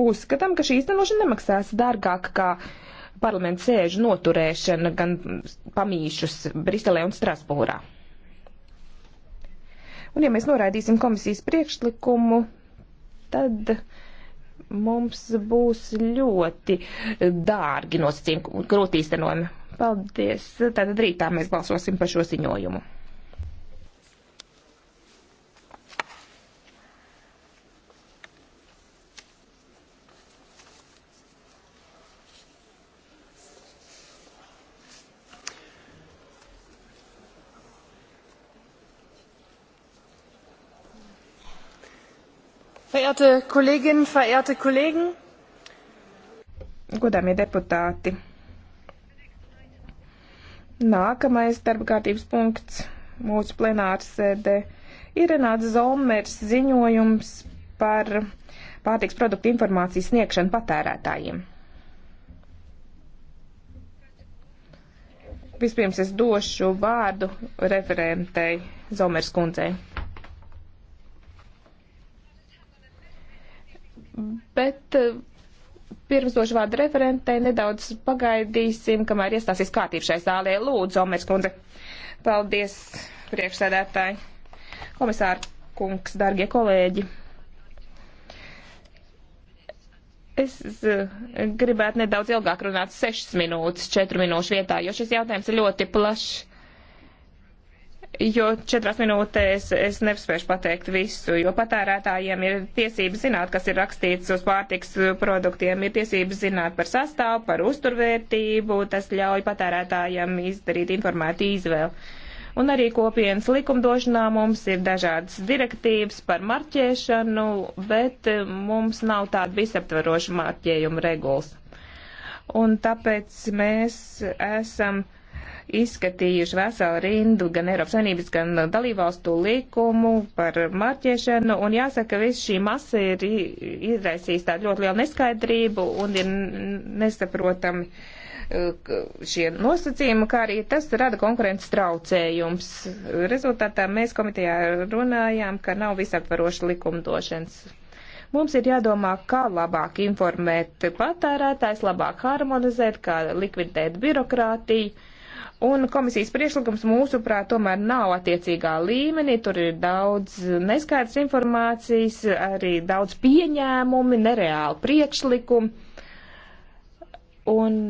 uzskatām, ka šī īstenošana nemaksās dārgāk kā parlamentu sēžu noturēšana gan pamīšus Briselē un Strasbūrā. Un ja mēs noraidīsim komisijas priekšlikumu, tad mums būs ļoti dārgi nosacījumi, grūti īstenojumi. Paldies. Tātad rītā mēs balsosim par šo ziņojumu. Verehrte Kolleginnen, verehrte Kollegen! Godāmie deputāti! Nākamais darba kārtības punkts mūsu plenāras sēdē ir Renāts Zomers ziņojums par pārtiks produktu informācijas sniegšanu patērētājiem. Vispirms es došu vārdu referentei Zomers kundzei. bet eh, pirms došu vārdu referentei nedaudz pagaidīsim, kamēr iestāsies kārtība šai zālē. Lūdzu, Omers kundze. Paldies, priekšsēdētāji. Komisāra kungs, dargie kolēģi. Es eh, gribētu nedaudz ilgāk runāt, 6 minūtes, 4 minūšu vietā, jo šis jautājums ir ļoti plašs jo četrās minūtēs es nespēšu pateikt visu, jo patērētājiem ir tiesības zināt, kas ir rakstīts uz pārtiks produktiem, ir tiesības zināt par sastāvu, par uzturvērtību, tas ļauj patērētājiem izdarīt informētu izvēli. Un arī kopienas likumdošanā mums ir dažādas direktīvas par marķēšanu, bet mums nav tāda visaptvaroša marķējuma regulas. Un tāpēc mēs esam uh, izskatījuši veselu rindu gan Eiropas Savienības, gan dalībvalstu likumu par marķēšanu, un jāsaka, ka viss šī masa ir izraisījis tādu ļoti lielu neskaidrību un ir nesaprotami e, šie nosacījumi, kā arī tas rada konkurences traucējums. Rezultātā mēs komitejā runājām, ka nav visaptvaroša likumdošanas. Mums ir jādomā, kā labāk informēt patērētājs, labāk harmonizēt, kā likvidēt birokrātiju Un komisijas priešlikums mūsuprāt tomēr nav attiecīgā līmenī, tur ir daudz neskaidrs informācijas, arī daudz pieņēmumi, nereāli priekšlikumi. Un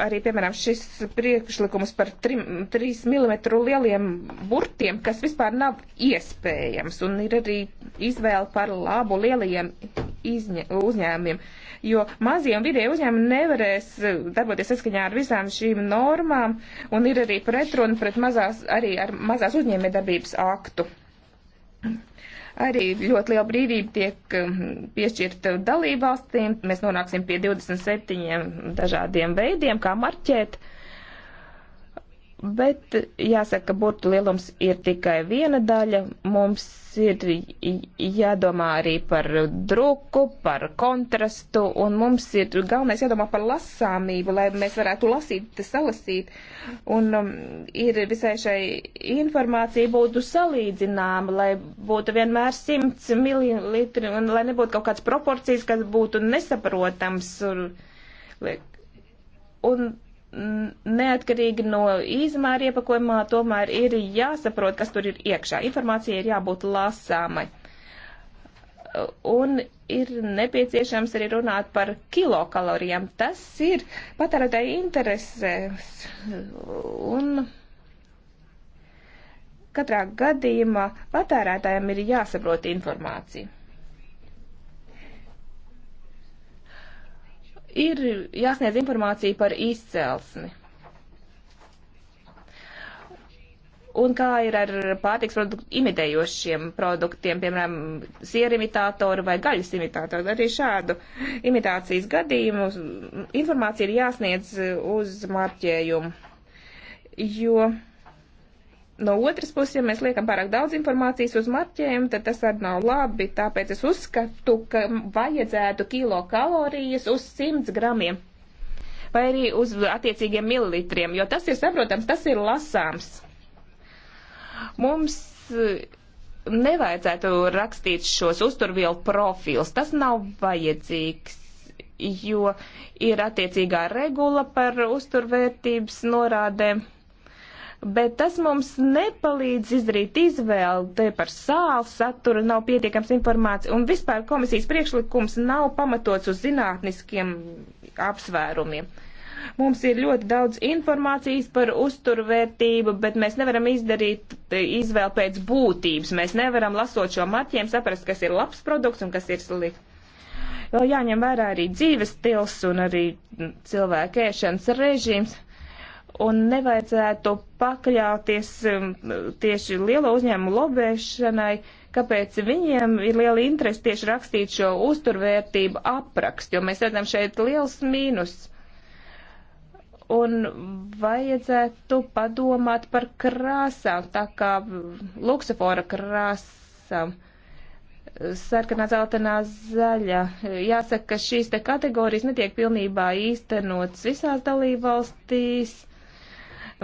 arī, piemēram, šis priekšlikums par 3, 3 mm lieliem burtiem, kas vispār nav iespējams, un ir arī izvēle par labu lielajiem izņa, uzņēmumiem, jo mazie un vidēji uzņēmumi nevarēs eh, darboties saskaņā ar visām šīm normām, un ir arī pretruna pret mazās, arī ar mazās uzņēmē darbības aktu. Arī ļoti liela brīvība tiek um, piešķirta dalībvalstīm. Mēs nonāksim pie 27 dažādiem veidiem, kā marķēt uh, Bet jāsaka, ka burtu lielums ir tikai viena daļa. Mums ir jādomā arī par druku, par kontrastu, un mums ir galvenais jādomā par lasāmību, lai mēs varētu lasīt, salasīt. Un um, ir visai šai informācija būtu salīdzināma, lai būtu vienmēr 100 mililitri, un lai nebūtu kaut kāds proporcijas, kas būtu nesaprotams. Un, un neatkarīgi no izmēra iepakojumā, tomēr ir jāsaprot, kas tur ir iekšā. Informācija ir jābūt lasāmai. Un ir nepieciešams arī runāt par kilokalorijām. Tas ir patērētāji interesēs. Un katrā gadījumā patērētājiem ir jāsaprot informācija. ir jāsniedz informācija par izcelsmi. Un kā ir ar pārtiks produktu imitējošiem produktiem, piemēram, sieru imitātoru vai gaļas imitātoru? Arī šādu imitācijas gadījumu informācija ir jāsniedz uz marķējumu, jo no otras puses, ja mēs liekam pārāk daudz informācijas uz marķējumu, tad tas arī nav labi. Tāpēc es uzskatu, ka vajadzētu kilokalorijas uz 100 gramiem vai arī uz attiecīgiem mililitriem, jo tas ir saprotams, tas ir lasāms. Mums eh, nevajadzētu rakstīt šos uzturvielu profils, tas nav vajadzīgs jo ir attiecīgā regula par uzturvērtības norādēm bet tas mums nepalīdz izdarīt izvēli. Te par sāli satura nav pietiekams informācija, un vispār komisijas priekšlikums nav pamatots uz zinātniskiem apsvērumiem. Mums ir ļoti daudz informācijas par uzturvērtību, bet mēs nevaram izdarīt e, izvēli pēc būtības. Mēs nevaram lasot šo marķiem saprast, kas ir labs produkts un kas ir slikts. Vēl jāņem vērā arī dzīves stils un arī cilvēka ēšanas režīms un nevajadzētu pakļauties um, tieši lielo uzņēmumu lobēšanai, kāpēc viņiem ir liela interese tieši rakstīt šo uzturvērtību aprakstu, jo mēs redzam šeit liels mīnus. Un vajadzētu padomāt par krāsām, tā kā luksafora krāsām sarkanā, zeltainā, zaļa. Jāsaka, ka šīs te kategorijas netiek pilnībā īstenotas visās dalībvalstīs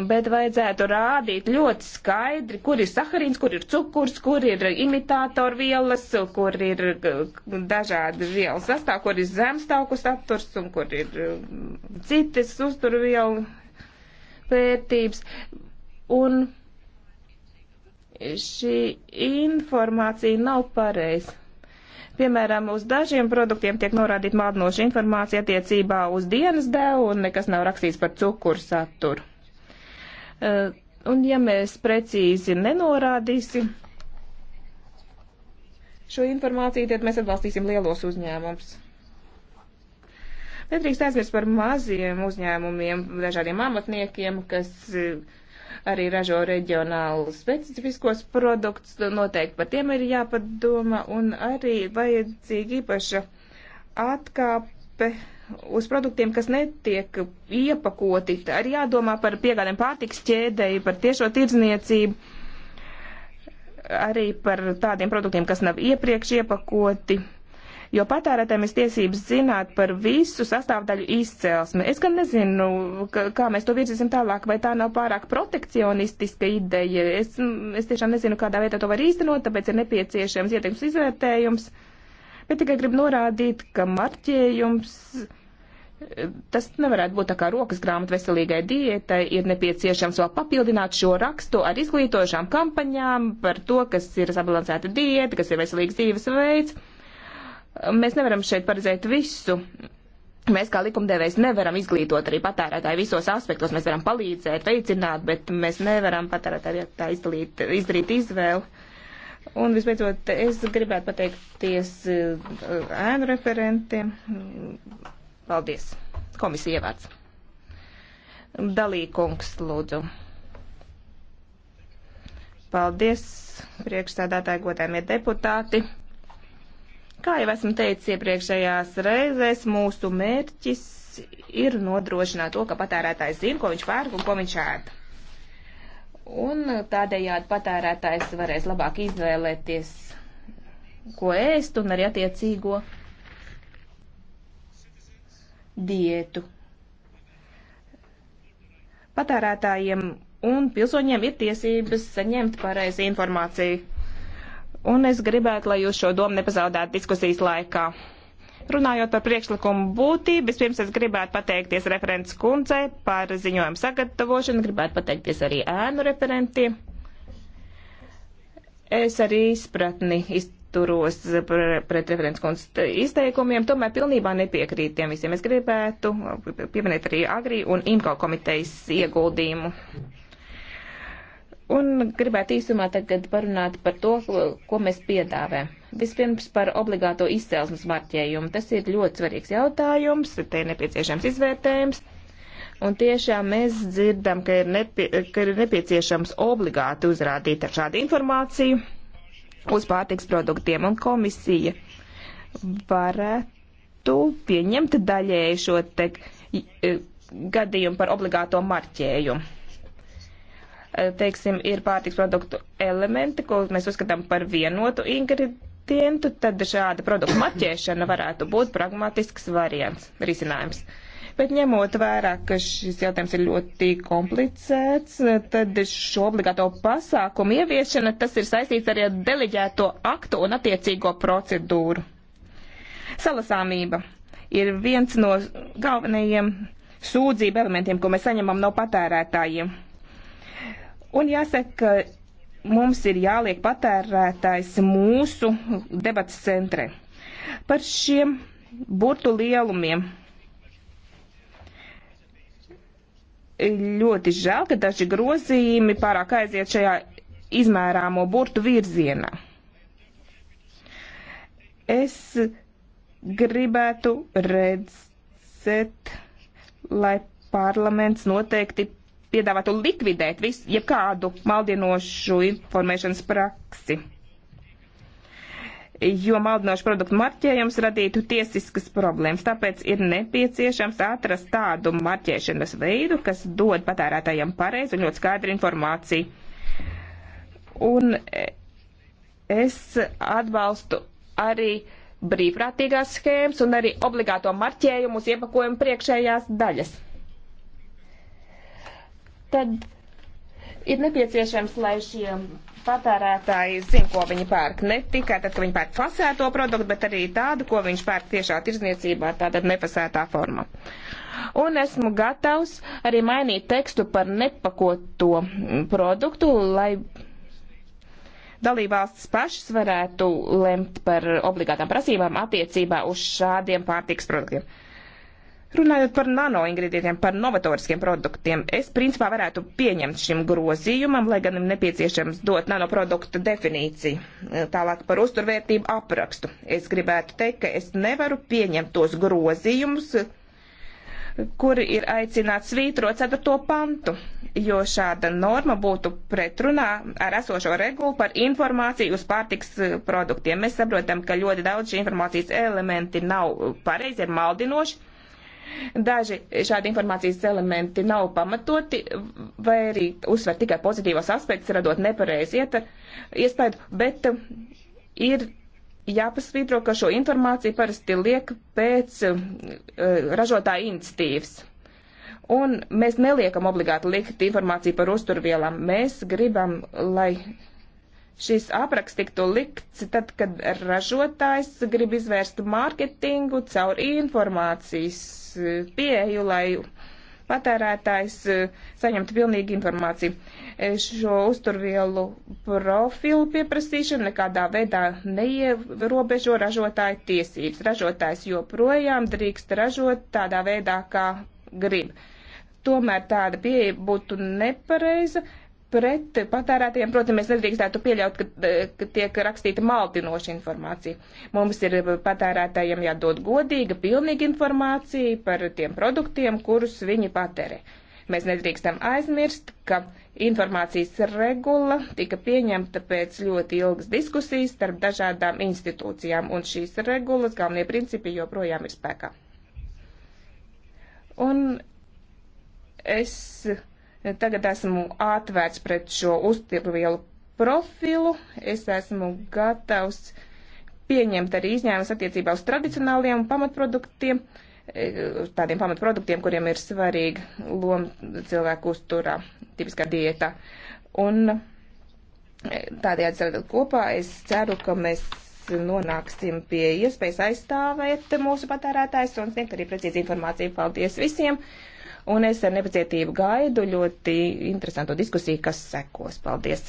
bet vajadzētu rādīt ļoti skaidri, kur ir saharīns, kur ir cukurs, kur ir imitātoru vielas, kur ir uh, dažādi vielu sastāv, kur ir zemstāvku saturs un kur ir uh, citas uzturvielu vērtības. Un šī informācija nav pareiza. Piemēram, uz dažiem produktiem tiek norādīta maldinoša informācija attiecībā uz dienas devu un nekas nav rakstīts par cukuru saturu. Eh, un ja mēs precīzi nenorādīsim šo informāciju, tad mēs atbalstīsim lielos uzņēmumus. Nedrīkst aizmirst par maziem uzņēmumiem, dažādiem amatniekiem, kas eh, arī ražo reģionālu specifiskos produktus. Noteikti par tiem ir jāpadomā un arī vajadzīga īpaša atkāpe uz produktiem, kas netiek iepakoti. Arī jādomā par piegādēm pārtiks ķēdēji, par tiešo tirdzniecību, arī par tādiem produktiem, kas nav iepriekš iepakoti. Jo patērētājiem ir tiesības zināt par visu sastāvdaļu izcelsmi. Es gan nezinu, ka, kā mēs to virzīsim tālāk, vai tā nav pārāk protekcionistiska ideja. Es, es tiešām nezinu, kādā veidā to var īstenot, tāpēc ir nepieciešams ieteikums izvērtējums. Uh, bet tikai gribu norādīt, ka marķējums. Eh, tas nevarētu būt tā kā rokas grāmata veselīgai diētai. Ir nepieciešams vēl papildināt šo rakstu ar izglītošām kampaņām par to, kas ir sabalansēta diēta, kas ir veselīgs dzīvesveids. Mēs nevaram šeit paredzēt visu. Mēs kā likumdevējs nevaram izglītot arī patērētāju visos aspektos. Mēs varam palīdzēt, veicināt, bet mēs nevaram patērētāju vietā izdalīt, izdarīt izvēli Un visbeidzot, es gribētu pateikties eh, ēnu referentiem. Paldies. Komisija ievāc. Dalīkungs, lūdzu. Paldies, priekšstādātāji, godājumie deputāti. Kā jau esmu teicis iepriekšējās reizēs, mūsu mērķis ir nodrošināt to, ka patērētājs zina, ko viņš pērk un ko viņš ēda. Un tādējādi patērētājs varēs labāk izvēlēties, ko ēst un arī attiecīgo diētu. Patērētājiem un pilsoņiem ir tiesības saņemt pareizi informāciju. Un es gribētu, lai jūs šo domu nepazaudētu diskusijas laikā. Runājot par priekšlikumu būtību, vispirms es gribētu pateikties referents kundzei par ziņojumu sagatavošanu, gribētu pateikties arī ēnu referentiem. Es arī izpratni izturos pret referents kundzes izteikumiem, tomēr pilnībā nepiekrīt tiem visiem. Es gribētu pieminēt arī Agri un Imko komitejas ieguldījumu. Un gribētu īsumā tagad parunāt par to, ko mēs piedāvājam Vispirms par obligāto izcelsmes marķējumu. Tas ir ļoti svarīgs jautājums, te ir nepieciešams izvērtējums. Un tiešām mēs dzirdam, ka ir, nepie, ka ir nepieciešams obligāti uzrādīt ar šādu informāciju uz pārtiks produktiem, un komisija varētu pieņemt daļēju šo te e, gadījumu par obligāto marķējumu e, teiksim, ir pārtiks produktu elementi, ko mēs uzskatām par vienotu ingredientu, pacientu, tad šāda produktu maķēšana varētu būt pragmatisks variants, risinājums. Bet ņemot vērā, ka šis jautājums ir ļoti komplicēts, tad šo obligāto pasākumu ieviešana, tas ir saistīts arī ar deleģēto aktu un attiecīgo procedūru. Salasāmība ir viens no galvenajiem sūdzību elementiem, ko mēs saņemam no patērētājiem. Un jāsaka, mums ir jāliek patērētājs mūsu debats centrē. Par šiem burtu lielumiem ļoti žēl, ka daži grozījumi pārāk aiziet šajā izmērāmo burtu virzienā. Es gribētu redzēt, lai parlaments noteikti piedāvātu likvidēt visu, jebkādu maldinošu informēšanas praksi. Jo maldinošu produktu marķējums radītu tiesiskas problēmas, tāpēc ir nepieciešams atrast tādu marķēšanas veidu, kas dod patērētājiem pareizu un ļoti skaidru informāciju. Un es atbalstu arī brīvprātīgās schēmas un arī obligāto marķējumu uz iepakojuma priekšējās daļas tad ir nepieciešams, lai šie patērētāji zina, ko viņi pērk. Ne tikai tad, ka viņi pērk fasēto produktu, bet arī tādu, ko viņš pērk tiešā tirzniecībā, tātad nefasētā formā. Un esmu gatavs arī mainīt tekstu par nepakoto produktu, lai dalībvalstis pašas varētu lemt par obligātām prasībām attiecībā uz šādiem pārtiks produktiem. Runājot par nanoingredientiem, par novatoriskiem produktiem, es principā varētu pieņemt šim grozījumam, lai gan ir nepieciešams dot nanoproduktu definīciju. E, Tālāk par uzturvērtību aprakstu. Es gribētu teikt, ka es nevaru pieņemt tos grozījumus, kuri ir aicināts svītrot 4. pantu, jo šāda norma būtu pretrunā ar esošo regulu par informāciju uz pārtiks e, produktiem. Mēs saprotam, ka ļoti daudz šī informācijas elementi nav pareizi, ir maldinoši, Daži šādi informācijas elementi nav pamatoti vai arī uzsver tikai pozitīvos aspektus, radot nepareizi iespēju, bet um, ir jāpasvītro, ka šo informāciju parasti liek pēc um, uh, ražotāja institīvas. Un mēs neliekam obligāti likt informāciju par uzturvielām. Mēs gribam, lai šis apraksts tiktu likts tad, kad ražotājs grib izvērst mārketingu caur informācijas pieeju, lai patērētājs e, saņemtu pilnīgu informāciju. E, šo uzturvielu profilu pieprasīšana nekādā veidā neierobežo ražotāju tiesības. Ražotājs joprojām drīkst ražot tādā veidā, kā grib. Tomēr tāda pieeja būtu nepareiza, pret patērētiem. Protams, mēs nedrīkstētu pieļaut, ka, e, ka tiek rakstīta maldinoša informācija. Mums ir patērētājiem jādod godīga, pilnīga informācija par tiem produktiem, kurus viņi patērē. Mēs nedrīkstam aizmirst, ka informācijas regula tika pieņemta pēc ļoti ilgas diskusijas starp dažādām institūcijām, un šīs regulas galvenie principi joprojām ir spēkā. Un es Tagad esmu atvērts pret šo uzturvielu profilu. Es esmu gatavs pieņemt arī izņēmumus attiecībā uz tradicionāliem pamatproduktiem, e, tādiem pamatproduktiem, kuriem ir svarīga loma cilvēku uzturā, tipiskā diētā. Un e, tādējādi strādāt kopā, es ceru, ka mēs nonāksim pie iespējas aizstāvēt mūsu patērētājs un sniegt arī precīzi informāciju. Paldies visiem! un es ar nepacietību gaidu ļoti interesantu diskusiju, kas sekos. Paldies!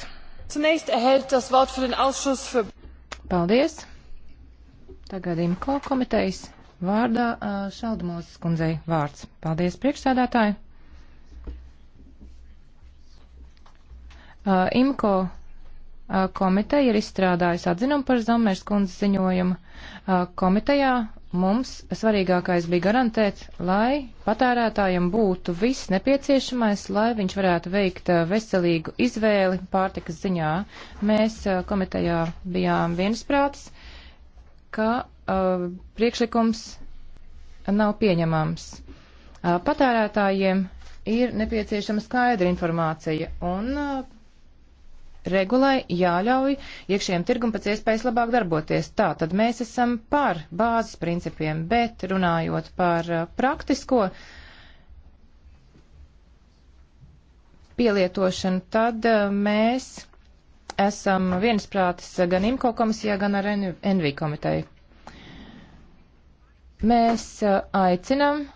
Paldies! Tagad Imko komitejas vārdā Šaldmozes kundzei vārds. Paldies, priekšsēdētāji! Imko komiteja ir izstrādājusi atzinumu par Zammers kundzes ziņojumu. Komitejā mums svarīgākais bija garantēt, lai patērētājiem būtu viss nepieciešamais, lai viņš varētu veikt eh, veselīgu izvēli pārtikas ziņā. Mēs eh, komitejā bijām viensprātis, ka uh, priekšlikums nav pieņemams. Uh, patērētājiem ir nepieciešama skaidra informācija un uh, regulai jāļauj iekšējiem tirgum pēc iespējas labāk darboties. Tā tad mēs esam par bāzes principiem, bet runājot par uh, praktisko pielietošanu, tad uh, mēs esam viensprātis gan IMCO komisijā, gan ar NV komiteju. Mēs uh, aicinam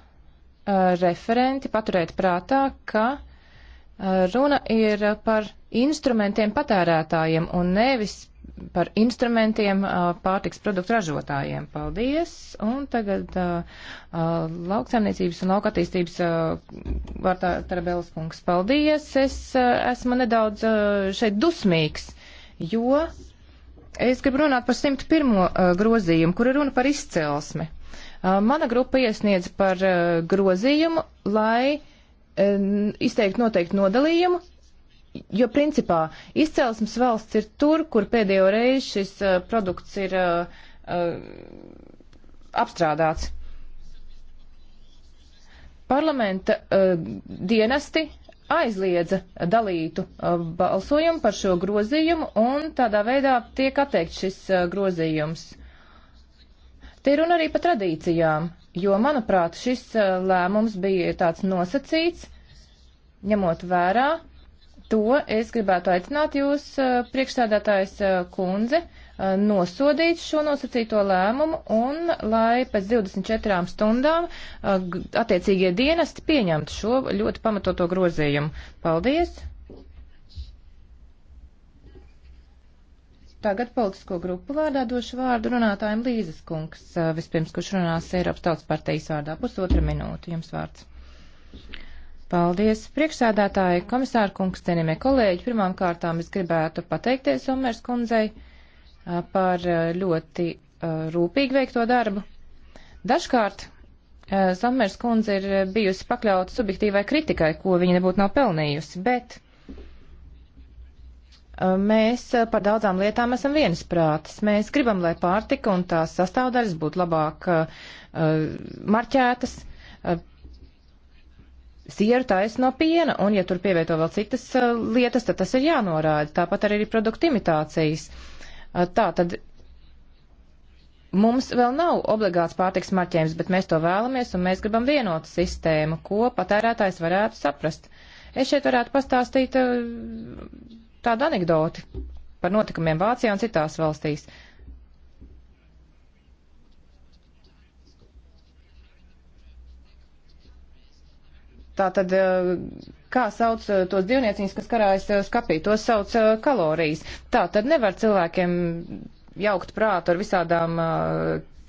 referenti paturēt prātā, ka runa ir par instrumentiem patērētājiem un nevis par instrumentiem pārtiks produktu ražotājiem. Paldies! Un tagad lauksaimniecības un lauka attīstības vārtā Tarabēlas kungs. Paldies! Es esmu nedaudz šeit dusmīgs, jo es gribu runāt par 101. grozījumu, kur ir runa par izcelsmi. Mana grupa iesniedz par grozījumu, lai izteikt noteikti nodalījumu Jo principā izcelsmes valsts ir tur, kur pēdējo reizi šis uh, produkts ir uh, uh, apstrādāts. Parlamenta uh, dienesti aizliedza dalītu uh, balsojumu par šo grozījumu un tādā veidā tiek atteikt šis uh, grozījums. Te ir runa arī par tradīcijām, jo, manuprāt, šis uh, lēmums bija tāds nosacīts, ņemot vērā to es gribētu aicināt jūs, eh, priekšstādātājs eh, kundze, eh, nosodīt šo nosacīto lēmumu un lai pēc 24 stundām attiecīgie dienesti pieņemtu šo ļoti pamatoto grozījumu. Paldies! Tagad politisko grupu vārdā došu vārdu runātājiem Līzes kungs, vispirms, kurš runās Eiropas tautas partijas vārdā. Pusotra minūte, jums vārds. Paldies, priekšsādātāji, komisāra kungs, cienījamie kolēģi. Pirmām kārtām es gribētu pateikties Omers kundzei par ļoti rūpīgi veikto darbu. Dažkārt Somers kundze ir bijusi pakļauta subjektīvai kritikai, ko viņa nebūtu nav pelnījusi, bet mēs par daudzām lietām esam viensprātis. Mēs gribam, lai pārtika un tās sastāvdaļas būtu labāk marķētas sieru taisa no piena, un ja tur pievieto vēl citas uh, lietas, tad tas ir jānorāda. Tāpat arī ir produktimitācijas. Uh, tā tad mums vēl nav obligāts pārtiks marķējums, bet mēs to vēlamies, un mēs gribam vienotu sistēmu, ko patērētājs varētu saprast. Es šeit varētu pastāstīt uh, tādu anekdoti par notikumiem Vācijā un citās valstīs. Uh, Tā tad, eh, kā sauc eh, tos dzīvnieciņus, kas karājas eh, skapī, tos sauc kalorijas. Tā tad nevar cilvēkiem jaukt prātu ar visādām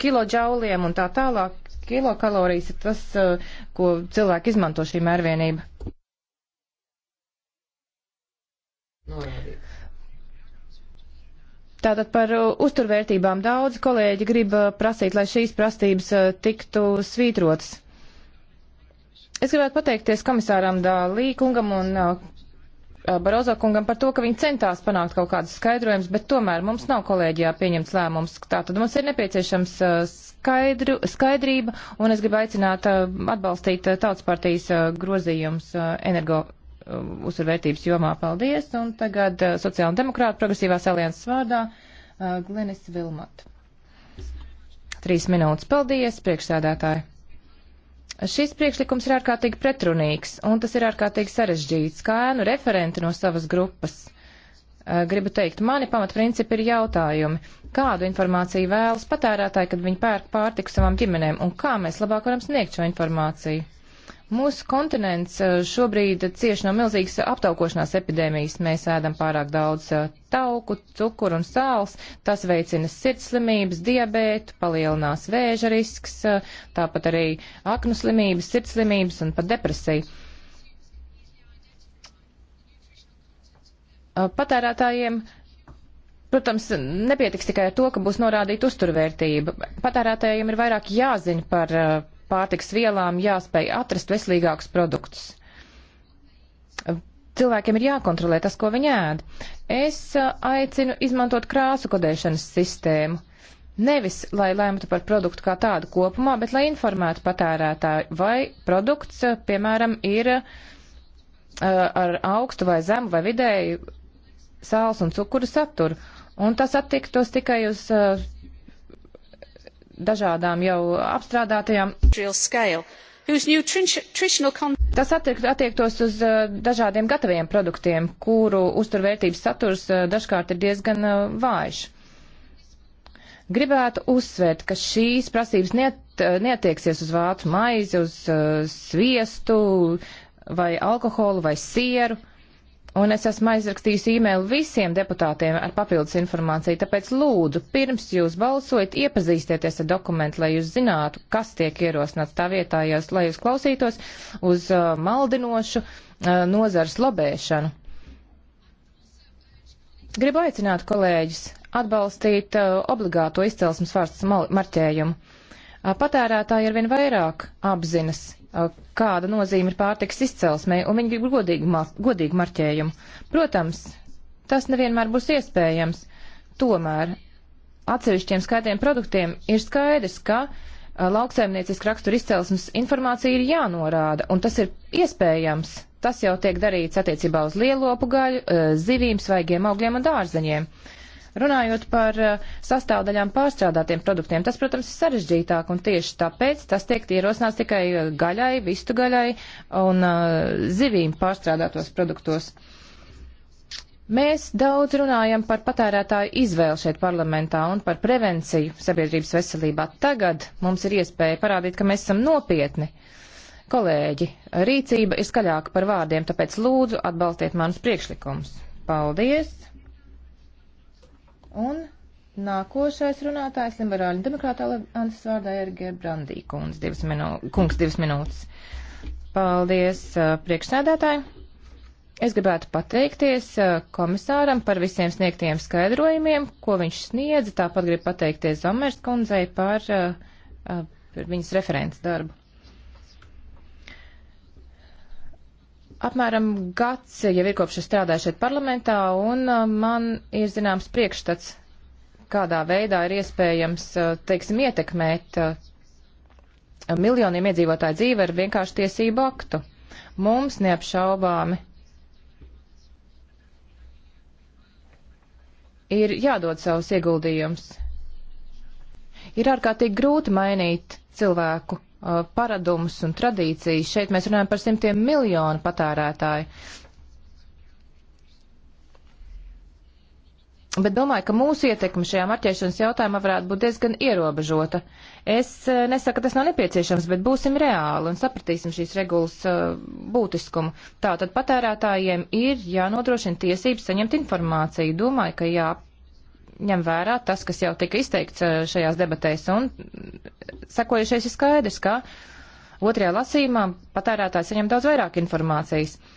kiloģauliem un tā tālāk. Kilokalorijas ir tas, ko cilvēki izmanto šī mērvienība. Norādīt. Tātad par uzturvērtībām daudz kolēģi grib prasīt, lai šīs prasības tiktu svītrotas. Es gribētu pateikties komisāram Dālī kungam un uh, uh, Barozo kungam par to, ka viņi centās panākt kaut kādus skaidrojumus, bet tomēr mums nav kolēģijā pieņemts lēmums. Tātad mums ir nepieciešams uh, skaidru, skaidrība, un es gribu aicināt atbalstīt Tautas partijas grozījums energo uzturvērtības jomā. Paldies! Un tagad sociāla demokrāta progresīvās alianses vārdā Glenis Vilmat. Trīs minūtes. Paldies, priekšsēdētāji! Šis priekšlikums ir ārkārtīgi pretrunīgs, un tas ir ārkārtīgi sarežģīts. Kā ēnu referenti no savas grupas, eh, gribu teikt, mani pamatprincipi ir jautājumi, kādu informāciju vēlas patērētāji, kad viņi pērk pārtiku savām ģimenēm, un kā mēs labāk varam sniegt šo informāciju. Mūsu kontinents eh, šobrīd cieši no milzīgas aptaukošanās epidēmijas. Mēs ēdam pārāk daudz eh, tauku, cukuru un sāls. Tas veicina sirdslimības, diabētu, palielinās vēža risks, eh, tāpat arī aknu slimības, sirdslimības un pat depresiju. Patērētājiem Protams, nepietiks tikai ar to, ka būs norādīta uzturvērtība. Patērētājiem ir vairāk jāzina par pārtiks vielām jāspēj atrast veselīgākus produktus. Cilvēkiem ir jākontrolē tas, ko viņi ēd. Es aicinu izmantot krāsu kodēšanas sistēmu. Nevis, lai lemtu par produktu kā tādu kopumā, bet lai informētu patērētāju, vai produkts, piemēram, ir ar augstu vai zemu vai vidēju sāls un cukuru saturu. Un tas attiektos tikai uz uh, dažādām jau apstrādātajām. Tas attiektos uz uh, dažādiem gataviem produktiem, kuru uzturvērtības saturs uh, dažkārt ir diezgan uh, vājš. Gribētu uzsvērt, ka šīs prasības net, netieksies uz vācu maizi, uz sviestu vai alkoholu vai sieru. Uh, Un es esmu aizrakstījis e-mailu visiem deputātiem ar papildus informāciju, tāpēc lūdzu, pirms jūs balsojat, iepazīstieties ar dokumentu, lai jūs zinātu, kas tiek ierosināts tā vietā, jūs, lai jūs klausītos uz uh, maldinošu uh, nozars lobēšanu. Gribu aicināt kolēģis atbalstīt uh, obligāto izcelsmes vārsts marķējumu. Uh, patērētāji arvien vairāk apzinas Uh, kāda nozīme ir pārtiks izcelsmē, un viņi grib godīgu, ma godīgu marķējumu. Protams, tas nevienmēr būs iespējams, tomēr atsevišķiem skaitiem produktiem ir skaidrs, ka uh, lauksaimnieciski rakstur izcelsmes informācija ir jānorāda, un tas ir iespējams. Tas jau tiek darīts attiecībā uz lielopu gaļu, uh, zivīm, svaigiem augļiem un dārzeņiem. Uh, Runājot par eh, sastāvdaļām pārstrādātiem produktiem, tas, protams, ir sarežģītāk un tieši tāpēc tas tiek ierosināts tikai eh, gaļai, vistu gaļai un eh, zivīm pārstrādātos produktos. Mēs daudz runājam par patērētāju izvēli šeit parlamentā un par prevenciju sabiedrības veselībā. Tagad mums ir iespēja parādīt, ka mēs esam nopietni. Kolēģi, rīcība ir skaļāka par vārdiem, tāpēc lūdzu atbalstiet manus priekšlikumus. Paldies! Un nākošais runātājs liberāļu demokrāta Anses vārdā ir Gerbrandī kungs divas, minū, kungs divas minūtes. Paldies priekšsēdētāji. Es gribētu pateikties komisāram par visiem sniegtiem skaidrojumiem, ko viņš sniedza. Tāpat gribu pateikties Zomers kundzei par, par viņas referents darbu. Apmēram gads jau ir kopš es strādāju šeit parlamentā, un uh, man ir zināms priekšstats, kādā veidā ir iespējams, uh, teiksim, ietekmēt uh, miljoniem iedzīvotāju dzīve ar vienkārši tiesību aktu. Mums neapšaubāmi ir jādod savus ieguldījums. Ir ārkārtīgi grūti mainīt cilvēku Uh, paradumus un tradīcijas. Šeit mēs runājam par simtiem miljonu patērētāju. Bet domāju, ka mūsu ietekme šajā marķēšanas jautājumā varētu būt diezgan ierobežota. Es uh, nesaku, ka tas nav nepieciešams, bet būsim reāli un sapratīsim šīs regulas uh, būtiskumu. Tātad patērētājiem ir jānodrošina tiesības saņemt informāciju. Domāju, ka jā, ņem vērā tas, kas jau tika izteikts eh, šajās debatēs, un sekojušais ir skaidrs, ka otrajā lasījumā patērētājs saņem daudz vairāk informācijas. Uh,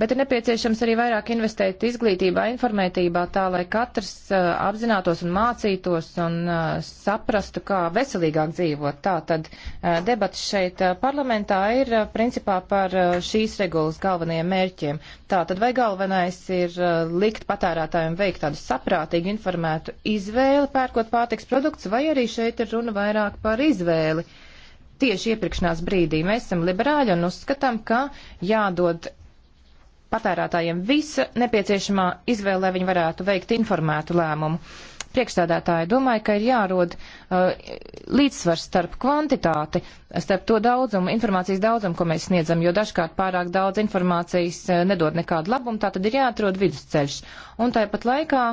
Bet ir nepieciešams arī vairāk investēt izglītībā, informētībā, tā lai katrs uh, apzinātos un mācītos un uh, saprastu, kā veselīgāk dzīvot. Tā tad uh, debats šeit uh, parlamentā ir uh, principā par uh, šīs regulas galvenajiem mērķiem. Tā tad vai galvenais ir uh, likt patērētājiem veikt tādu saprātīgu informētu izvēli, pērkot pārtiks produkts, vai arī šeit ir runa vairāk par izvēli. Tieši iepirkšanās brīdī mēs esam liberāļi un uzskatām, ka jādod patērētājiem visa nepieciešamā izvēle, lai viņi varētu veikt informētu lēmumu. Priekšstādātāji domāja, ka ir jārod uh, līdzsvars starp kvantitāti, starp to daudzumu, informācijas daudzumu, ko mēs sniedzam, jo dažkārt pārāk daudz informācijas uh, nedod nekādu labumu, tā tad ir jāatrod vidusceļš. Un tāpat laikā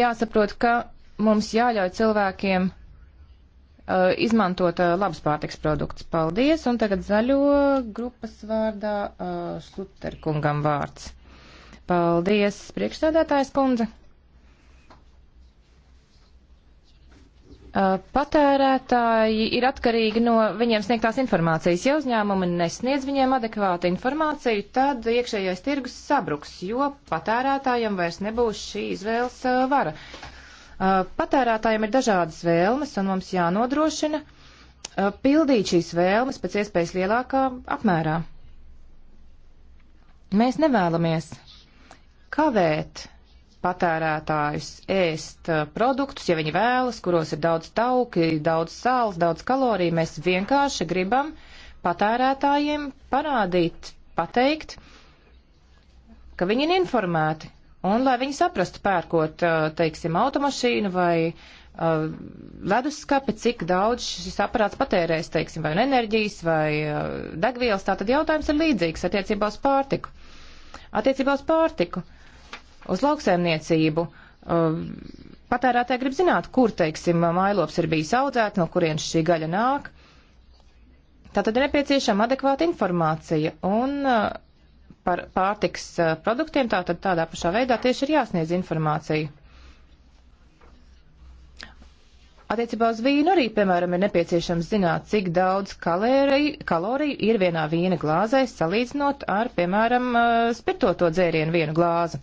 jāsaprot, ka mums jāļauj cilvēkiem uh, uh, izmantot uh, labus pārtiks produktus. Paldies, un tagad zaļo grupas vārdā uh, Suterkungam vārds. Paldies, priekšstādātājs kundze. Uh, patērētāji ir atkarīgi no viņiem sniegtās informācijas. Ja uzņēmumi nesniedz viņiem adekvātu informāciju, tad iekšējais tirgus sabruks, jo patērētājiem vairs nebūs šī izvēles uh, vara. Uh, patērētājiem ir dažādas vēlmes, un mums jānodrošina uh, pildīt šīs vēlmes pēc iespējas lielākā apmērā. Mēs nevēlamies kavēt patērētājus ēst uh, produktus, ja viņi vēlas, kuros ir daudz tauki, daudz sāls, daudz kaloriju. Mēs vienkārši gribam patērētājiem parādīt, pateikt, ka viņi ir informēti Un lai viņi saprastu pērkot, uh, teiksim, automašīnu vai uh, leduskapi, cik daudz šis aparāts patērēs, teiksim, vai nu enerģijas, vai uh, degvielas, tā tad jautājums ir līdzīgs attiecībā uz pārtiku. Attiecībā uz pārtiku, uz lauksēmniecību. Uh, um, Patērētāji grib zināt, kur, teiksim, mailops ir bijis audzēts, no kurienes šī gaļa nāk. Tātad ir nepieciešama adekvāta informācija, un uh, par pārtiks eh, produktiem, tātad tādā pašā veidā tieši ir jāsniedz informācija. Attiecībā uz vīnu arī, piemēram, ir nepieciešams zināt, cik daudz kaloriju, kaloriju ir vienā vīna glāzē, salīdzinot ar, piemēram, eh, spirtoto dzērienu vienu glāzi.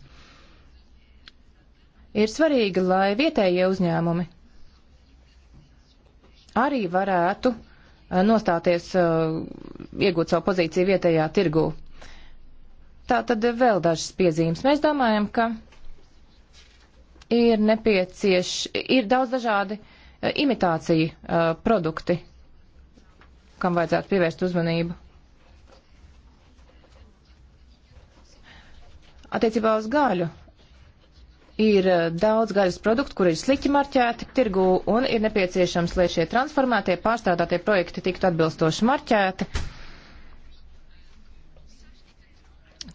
Ir svarīgi, lai vietējie uzņēmumi arī varētu eh, nostāties, iegūt savu pozīciju vietējā tirgū. Tā tad vēl dažas piezīmes. Mēs domājam, ka ir nepiecieš, ir daudz dažādi eh, imitāciju eh, produkti, kam vajadzētu pievērst uzmanību. Attiecībā uz gaļu ir eh, daudz gaļas produktu, kur ir sliķi marķēti tirgū, un ir nepieciešams, lai šie transformētie, pārstrādātie projekti tiktu atbilstoši marķēti.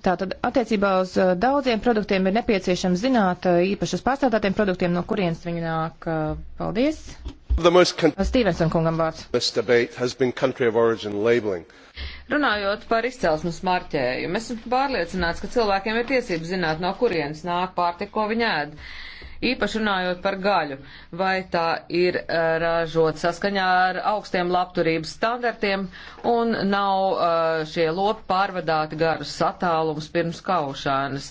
Tātad attiecībā uz eh, daudziem produktiem ir nepieciešams zināt eh, īpaši uz pārstādātiem produktiem, no kurienes viņi nāk. Eh, paldies! Stevenson kungam vārds. Runājot par izcelsmes marķējumu, esmu pārliecināts, ka cilvēkiem ir tiesības zināt, no kurienes nāk pārtika, ko viņi ēd. Uh, Īpaši runājot par gaļu, vai tā ir eh, ražot saskaņā ar augstiem labturības standartiem un nav eh, šie lopi pārvadāti garus satālums pirms kaušanas.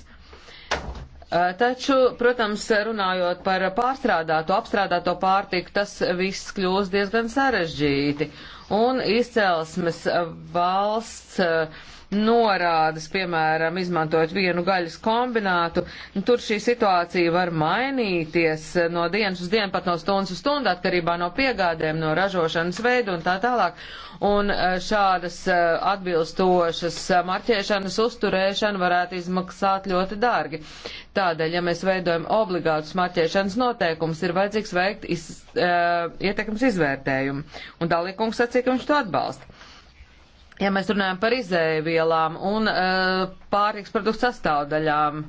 Eh, taču, protams, runājot par pārstrādāto, apstrādāto pārtiku, tas viss kļūst diezgan sarežģīti. Un izcelsmes valsts uh, norādes, piemēram, izmantojot vienu gaļas kombinātu, nu, tur šī situācija var mainīties no dienas uz dienu, pat no stundas uz stundu, atkarībā no piegādēm, no ražošanas veidu un tā tālāk. Un eh, šādas eh, atbilstošas eh, marķēšanas uzturēšana varētu izmaksāt ļoti dārgi. Tādēļ, ja mēs veidojam obligātus marķēšanas noteikumus, ir vajadzīgs veikt iz, uh, ietekmes izvērtējumu. Un dalīkums sacīja, ka viņš to atbalsta. Ja mēs runājam par izēvielām un uh, pārtiks produktu sastāvdaļām,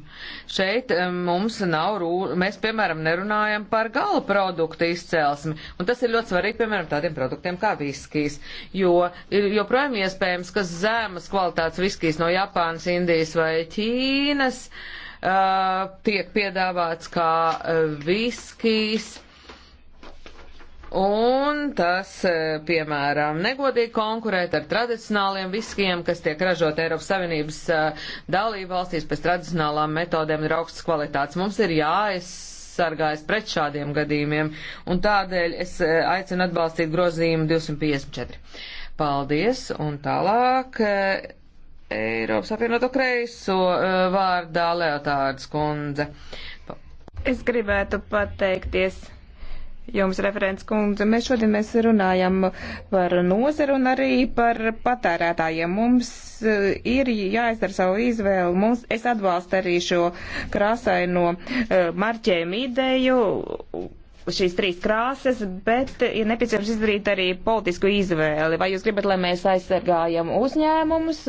šeit um, mums nav, rū, mēs, piemēram, nerunājam par gala produktu izcelsmi. Un tas ir ļoti svarīgi, piemēram, tādiem produktiem kā viskijs, jo ir joprojām iespējams, ka zemes kvalitātes viskijs no Japānas, Indijas vai Ķīnas uh, tiek piedāvāts kā uh, viskijs Un tas, e, piemēram, negodīgi konkurēt ar tradicionāliem viskijiem, kas tiek ražot Eiropas Savienības e, dalību valstīs pēc tradicionālām metodēm ir augstas kvalitātes. Mums ir jāaizsargājas pret šādiem gadījumiem, un tādēļ es e, aicinu atbalstīt grozījumu 254. Paldies, un tālāk Eiropas apvienoto kreiso vārdā Leotārds kundze. Es gribētu pateikties jums, referents kundze. Mēs šodien mēs runājam par nozaru un arī par patērētājiem. Mums eh, ir jāizdara savu izvēlu. Mums, es atbalstu arī šo krāsaino eh, marķējumu ideju šīs trīs krāsas, bet ir nepieciešams izdarīt arī politisku izvēli. Vai jūs gribat, lai mēs aizsargājam uzņēmumus,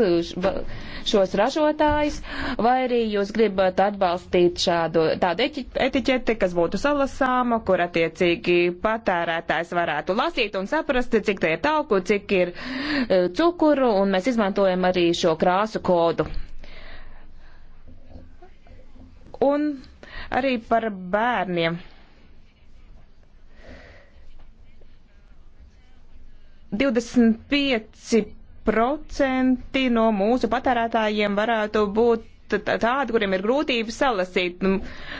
šos ražotājus, vai arī jūs gribat atbalstīt šādu tādu etiķeti, kas būtu salasāma, kur attiecīgi patērētājs varētu lasīt un saprast, cik te ir tauku, cik ir e, cukuru, un mēs izmantojam arī šo krāsu kodu. Un arī par bērniem 25% no mūsu patērētājiem varētu būt tādi, kuriem ir grūtības salasīt.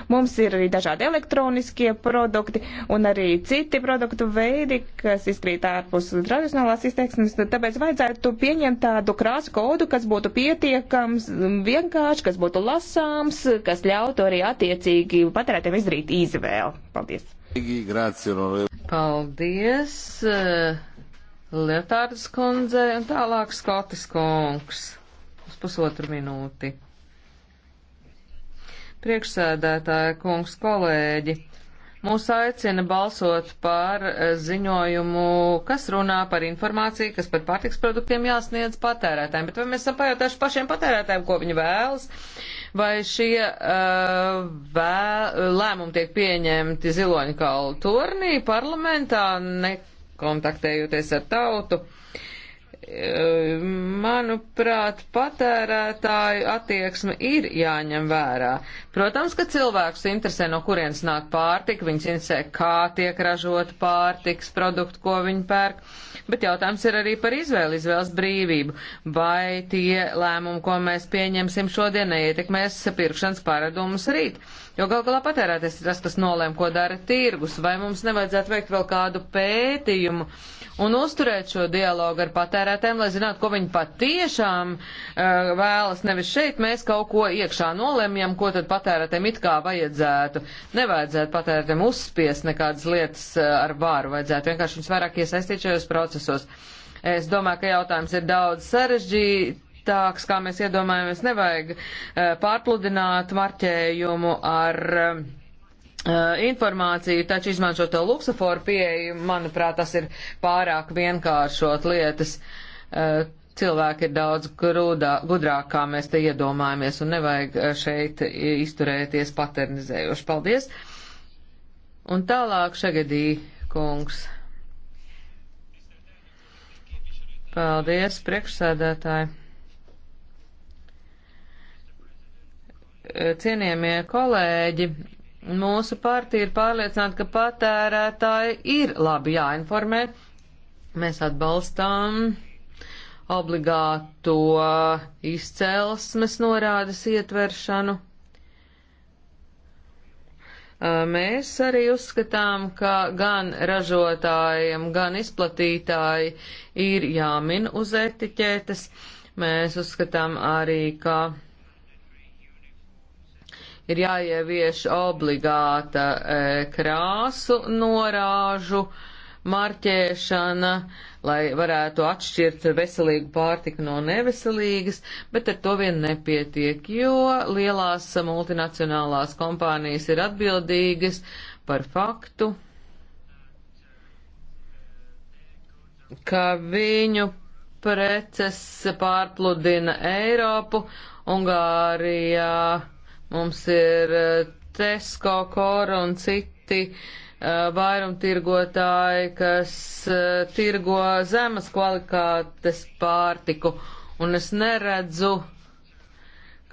Mums ir arī dažādi elektroniskie produkti un arī citi produktu veidi, kas izkrīt ārpus tradicionālās izteiksmes. Tāpēc vajadzētu pieņemt tādu krāsu kodu, kas būtu pietiekams, vienkārši, kas būtu lasāms, kas ļautu arī attiecīgi patērētiem izdarīt izvēli. Paldies! Paldies! Lietārdas kundze un tālāk Skotis kungs uz pusotru minūti. Priekšsēdētāja kungs kolēģi mūs aicina balsot par eh, ziņojumu, kas runā par informāciju, kas par pārtiks produktiem jāsniedz patērētājiem. Bet vai mēs esam pajautājuši pašiem patērētājiem, ko viņi vēlas, vai šie uh, eh, vēl, lēmumi tiek pieņemti ziloņkalu turnī parlamentā? Ne kontaktējoties ar tautu. Ehm, manuprāt, patērētāju attieksme ir jāņem vērā. Protams, ka cilvēkus interesē, no kurienes nāk pārtika, viņus interesē, kā tiek ražota pārtiks produktu, ko viņi pērk, bet jautājums ir arī par izvēli, izvēles brīvību. Vai tie lēmumi, ko mēs pieņemsim šodien, neietekmēs pirkšanas pārādumus rīt? Jo gal galā patērētājs ir tas, kas nolēm, ko dara tirgus, vai mums nevajadzētu veikt vēl kādu pētījumu un uzturēt šo dialogu ar patērētājiem, lai zinātu, ko viņi patiešām uh, vēlas. Nevis šeit mēs kaut ko iekšā nolēmjam, ko tad patērētājiem it kā vajadzētu. Nevajadzētu patērētājiem uzspies nekādas lietas uh, ar vāru, vajadzētu vienkārši viņus vairāk iesaistīt šajos procesos. Es domāju, ka jautājums ir daudz sarežģīts augstāks, kā mēs iedomājamies. Nevajag eh, pārpludināt marķējumu ar eh, eh, informāciju, taču izmantot to luksaforu pieeju, manuprāt, tas ir pārāk vienkāršot lietas. Cilvēki ir daudz grūdā, gudrāk, kā mēs te iedomājamies, un nevajag šeit izturēties paternizējoši. Paldies! Un tālāk Šagadī kungs. Paldies, priekšsēdētāji! Eh, cienījamie kolēģi, mūsu partija ir pārliecināta, ka patērētāji ir labi jāinformē. Mēs atbalstām obligāto izcelsmes norādes ietveršanu. Eh, mēs arī uzskatām, ka gan ražotājiem, gan izplatītāji ir jāmin uz etiķetes. Mēs uzskatām arī, ka ir jāievieš obligāta eh, krāsu norāžu marķēšana, lai varētu atšķirt veselīgu pārtiku no neveselīgas, bet ar to vien nepietiek, jo lielās multinacionālās kompānijas ir atbildīgas par faktu, ka viņu preces pārpludina Eiropu, Ungārijā, Mums ir eh, Tesco, Kora un citi eh, vairumtirgotāji, kas eh, tirgo zemes kvalitātes pārtiku, un es neredzu,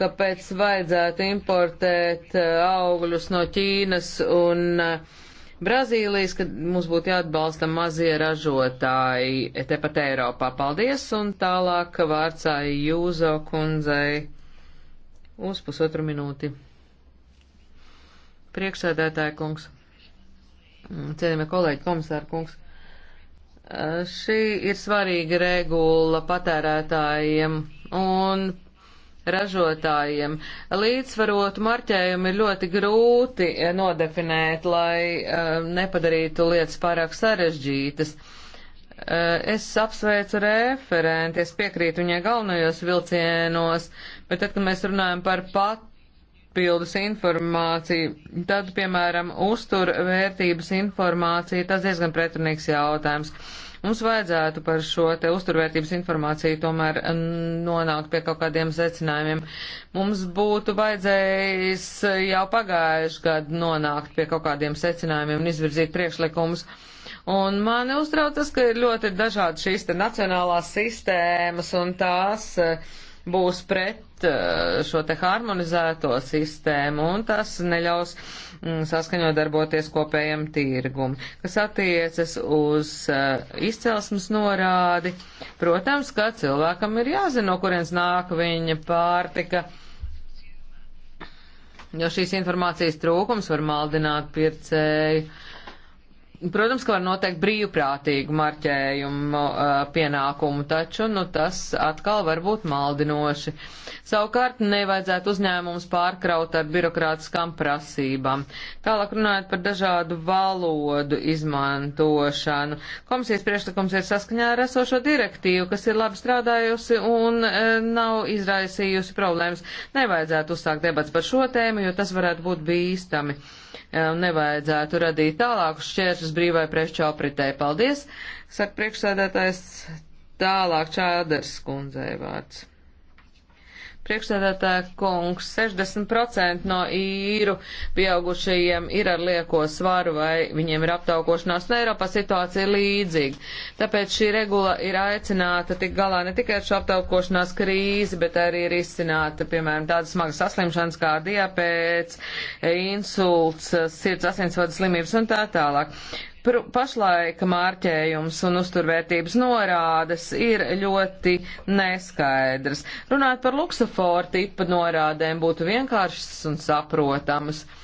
kāpēc vajadzētu importēt augļus no Ķīnas un Brazīlijas, kad mums būtu jāatbalsta mazie ražotāji tepat Eiropā. Paldies, un tālāk vārdsāja Jūzo kundzei uz pusotru minūti. Priekšsēdētāja kungs, mm, cienījamie kolēģi, komisāra kungs, šī ir svarīga regula patērētājiem un ražotājiem. Līdzsvarotu marķējumu ir ļoti grūti nodefinēt, lai nepadarītu lietas pārāk sarežģītas. Uh, Eh, es apsveicu referenti, es piekrītu viņai galvenajos vilcienos, bet tad, kad mēs runājam par papildus informāciju, tad, piemēram, uzturvērtības informācija, tas diezgan pretrunīgs jautājums. Mums vajadzētu par šo te uzturvērtības informāciju tomēr nonākt pie kaut kādiem secinājumiem. Mums būtu vajadzējis jau pagājuši gadu nonākt pie kaut kādiem secinājumiem un izvirzīt priekšlikumus. Uh, Un mani uztrauc tas, ka ir ļoti dažādi šīs te nacionālās sistēmas un tās eh, būs pret eh, šo te harmonizēto sistēmu un tas neļaus mm, saskaņot darboties kopējam tirgum, kas attiecas uz eh, izcelsmes norādi. Protams, ka cilvēkam ir jāzina, no kurienes nāk viņa pārtika, jo šīs informācijas trūkums var maldināt pircēju Protams, ka var noteikt brīvprātīgu marķējumu uh, pienākumu, taču nu, tas atkal var būt maldinoši. Savukārt, nevajadzētu uzņēmumus pārkraut ar birokrātiskām prasībām. Tālāk runājot par dažādu valodu izmantošanu. Komisijas priekšlikums ir saskaņā ar esošo direktīvu, kas ir labi strādājusi un uh, nav izraisījusi problēmas. Nevajadzētu uzsākt debats par šo tēmu, jo tas varētu būt bīstami. Uh, nevajadzētu radīt tālākus šķēršus brīvai preču apritē. Paldies! Saka priekšsēdētājs tālāk Čāders kundzei vārds. Priekšsēdētāja kungs, 60% no īru pieaugušajiem ir ar lieko svaru vai viņiem ir aptaukošanās, un nu, Eiropā situācija ir līdzīga. Tāpēc šī regula ir aicināta tik galā ne tikai ar šo aptaukošanās krīzi, bet arī ir izcināta, piemēram, tādas smagas saslimšanas kā diapēts, insults, sirds asinsvadu slimības un tā tālāk pašlaik mārķējums un uzturvērtības norādes ir ļoti neskaidrs. Runāt par luksuforu tipa norādēm būtu vienkāršas un saprotamas. Uh,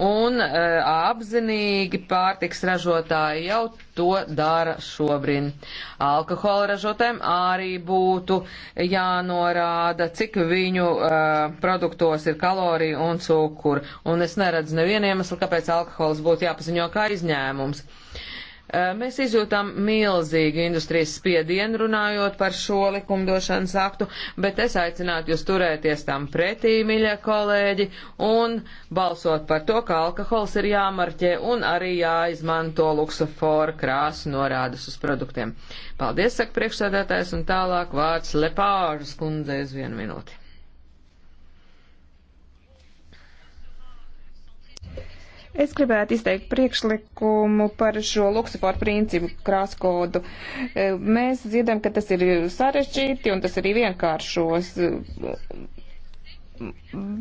un e, apzinīgi pārtiks ražotāji jau to dara šobrīd. Alkohola ražotēm arī būtu jānorāda, cik viņu e, produktos ir kaloriju un cukuru, un es neredzu nevienu iemeslu, kāpēc alkohols būtu jāpaziņo kā izņēmums. E, Eh, mēs izjūtam milzīgu industrijas spiedienu runājot par šo likumdošanas aktu, bet es aicinātu jūs turēties tam pretī, miļie kolēģi, un balsot par to, ka alkohols ir jāmarķē un arī jāizmanto luksuforu krāsu norādes uz produktiem. Paldies, saka priekšsēdētājs, un tālāk vārds Lepāžas kundzei uz vienu minūti. Es gribētu izteikt priekšlikumu par šo luksusporu principu krāskodu. E, mēs dzirdam, ka tas ir sarežģīti un tas arī vienkāršos,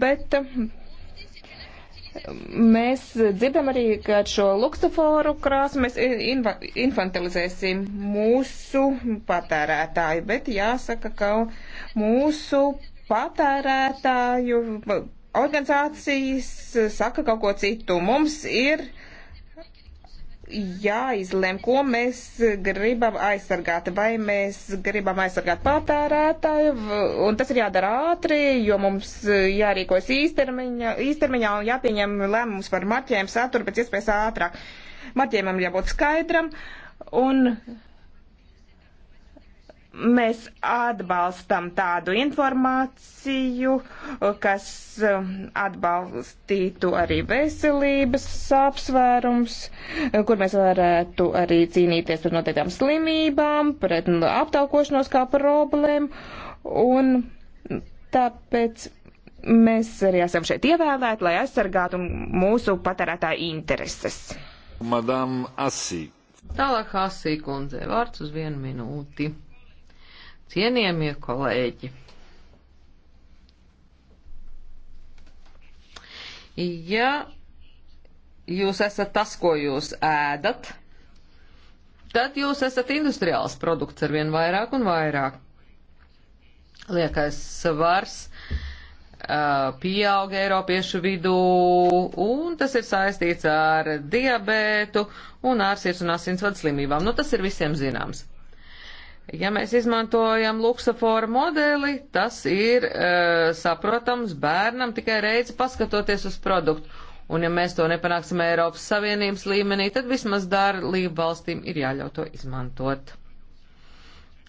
bet e, mēs dzirdam arī, ka ar šo luksuforu krāsu mēs inva, infantilizēsim mūsu patērētāju, bet jāsaka, ka mūsu patērētāju organizācijas saka kaut ko citu. Mums ir jāizlem, ko mēs gribam aizsargāt. Vai mēs gribam aizsargāt patērētāju, un tas ir jādara ātri, jo mums jārīkojas īstermiņā, īstermiņā un jāpieņem lēmums par marķējumu saturu pēc iespējas ātrāk. Marķējumam jābūt skaidram, un mēs atbalstam tādu informāciju, kas um, atbalstītu arī veselības apsvērums, kur mēs varētu arī cīnīties par noteiktām slimībām, pret aptaukošanos kā problēmu, un tāpēc mēs arī esam šeit ievēlēti, lai aizsargātu mūsu patērētāju intereses. Madam Asī. Tālāk Asī kundze, vārds uz vienu minūti. Cienījamie kolēģi! Ja jūs esat tas, ko jūs ēdat, tad jūs esat industriāls produkts ar vien vairāk un vairāk. Liekais svars pieauga Eiropiešu vidū, un tas ir saistīts ar diabētu un ar sirds un asinsvadu slimībām. Nu, tas ir visiem zināms. Ja mēs izmantojam luksaforu modeli, tas ir uh, saprotams bērnam tikai reizi paskatoties uz produktu. Un ja mēs to nepanāksim Eiropas Savienības līmenī, tad vismaz dārlību valstīm ir jāļauj to izmantot.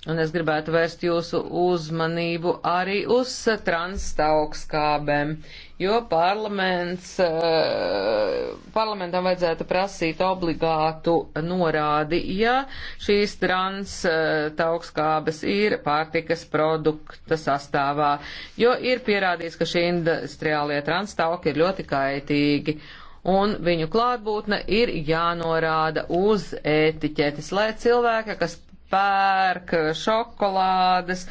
Un es gribētu vērst jūsu uzmanību arī uz transtaugskābēm, jo parlaments, eh, parlamentam vajadzētu prasīt obligātu norādi, ja šīs transtaugskābes ir pārtikas produkta sastāvā, jo ir pierādīts, ka šie industriālie transtauki ir ļoti kaitīgi un viņu klātbūtne ir jānorāda uz ētiķetes, lai cilvēki, kas pērk šokolādes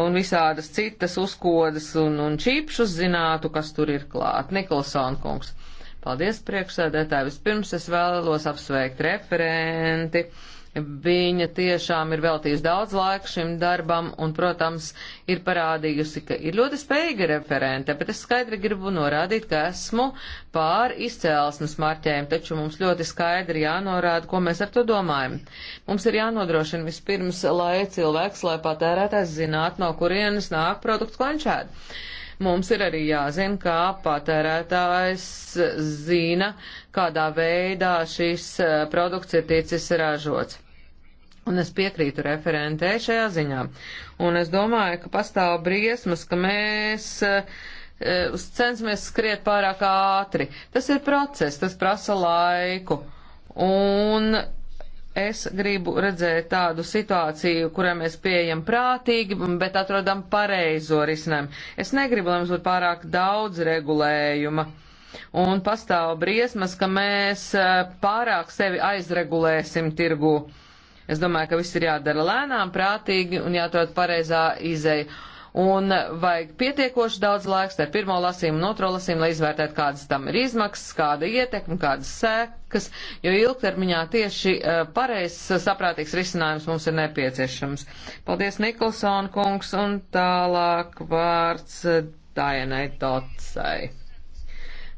un visādas citas uzkodas un, un čipšus, zinātu, kas tur ir klāt. Nikolson kungs. Paldies priekšsēdētāji. Vispirms es vēlos apsveikt referenti Viņa tiešām ir veltījusi daudz laika šim darbam un, protams, ir parādījusi, ka ir ļoti spējīga referente, bet es skaidri gribu norādīt, ka esmu pār izcēlesmes marķējumu, taču mums ļoti skaidri jānorāda, ko mēs ar to domājam. Mums ir jānodrošina vispirms, lai cilvēks, lai patērētājs zinātu, no kurienes nāk produkts klančēdi. Mums ir arī jāzina, kā patērētājs zina, kādā veidā šis e, produkts ir ticis ražots. Un es piekrītu referentē šajā ziņā. Un es domāju, ka pastāv briesmas, ka mēs uh, cenšamies skriet pārāk ātri. Tas ir process, tas prasa laiku. Un Es gribu redzēt tādu situāciju, kurā mēs pieejam prātīgi, bet atrodam pareizo risinājumu. Es negribu, lai mums būtu pārāk daudz regulējuma. Un pastāv briesmas, ka mēs eh, pārāk sevi aizregulēsim tirgu. Es domāju, ka viss ir jādara lēnām, prātīgi un jāatrod pareizā izeja un vajag pietiekoši daudz laiks ar pirmo lasījumu un otro lasījumu, lai izvērtētu, kādas tam ir izmaksas, kāda ietekme, kādas sekas, jo ilgtermiņā tieši eh, pareizs saprātīgs risinājums mums ir nepieciešams. Paldies, Nikolson kungs, un tālāk vārds eh, Dainai Dotsai.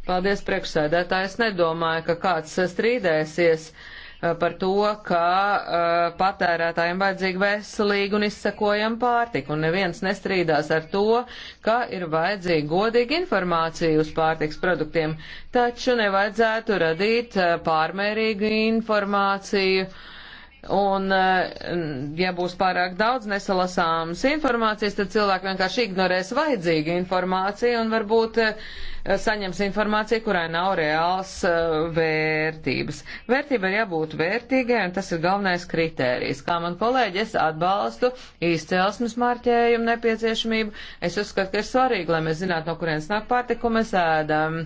Paldies, priekšsēdētāji. Es nedomāju, ka kāds eh, strīdēsies. Uh, Eh, par to, ka uh, patērētājiem vajadzīga veselīga un izsekojama pārtika, un neviens nestrīdās ar to, ka ir vajadzīga godīga informācija uz pārtiks produktiem, taču nevajadzētu radīt uh, pārmērīgu informāciju uh, Un, eh, ja būs pārāk daudz nesalasāmas informācijas, tad cilvēki vienkārši ignorēs vajadzīgu informāciju un varbūt eh, saņems informāciju, kurai nav reāls eh, vērtības. Vērtība ir jābūt vērtīgai, un tas ir galvenais kritērijs. Kā man kolēģi, es atbalstu izcelsmes marķējumu nepieciešamību. Es uzskatu, ka ir svarīgi, lai mēs zinātu, no kurienes nāk pārtika, ko mēs ēdam.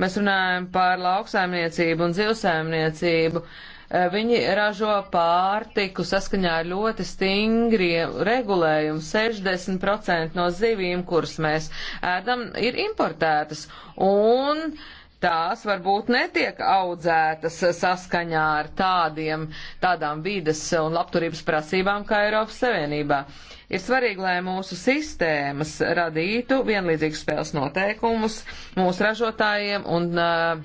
Mēs runājam par lauksaimniecību un zivsaimniecību. Uh, Eh, viņi ražo pārtiku saskaņā ar ļoti stingriem regulējumu. 60% no zivīm, kuras mēs ēdam, ir importētas. Un tās varbūt netiek audzētas saskaņā ar tādiem, tādām vides un labturības prasībām kā Eiropas Savienībā. Ir svarīgi, lai mūsu sistēmas radītu vienlīdzīgus spēles noteikumus mūsu ražotājiem un uh,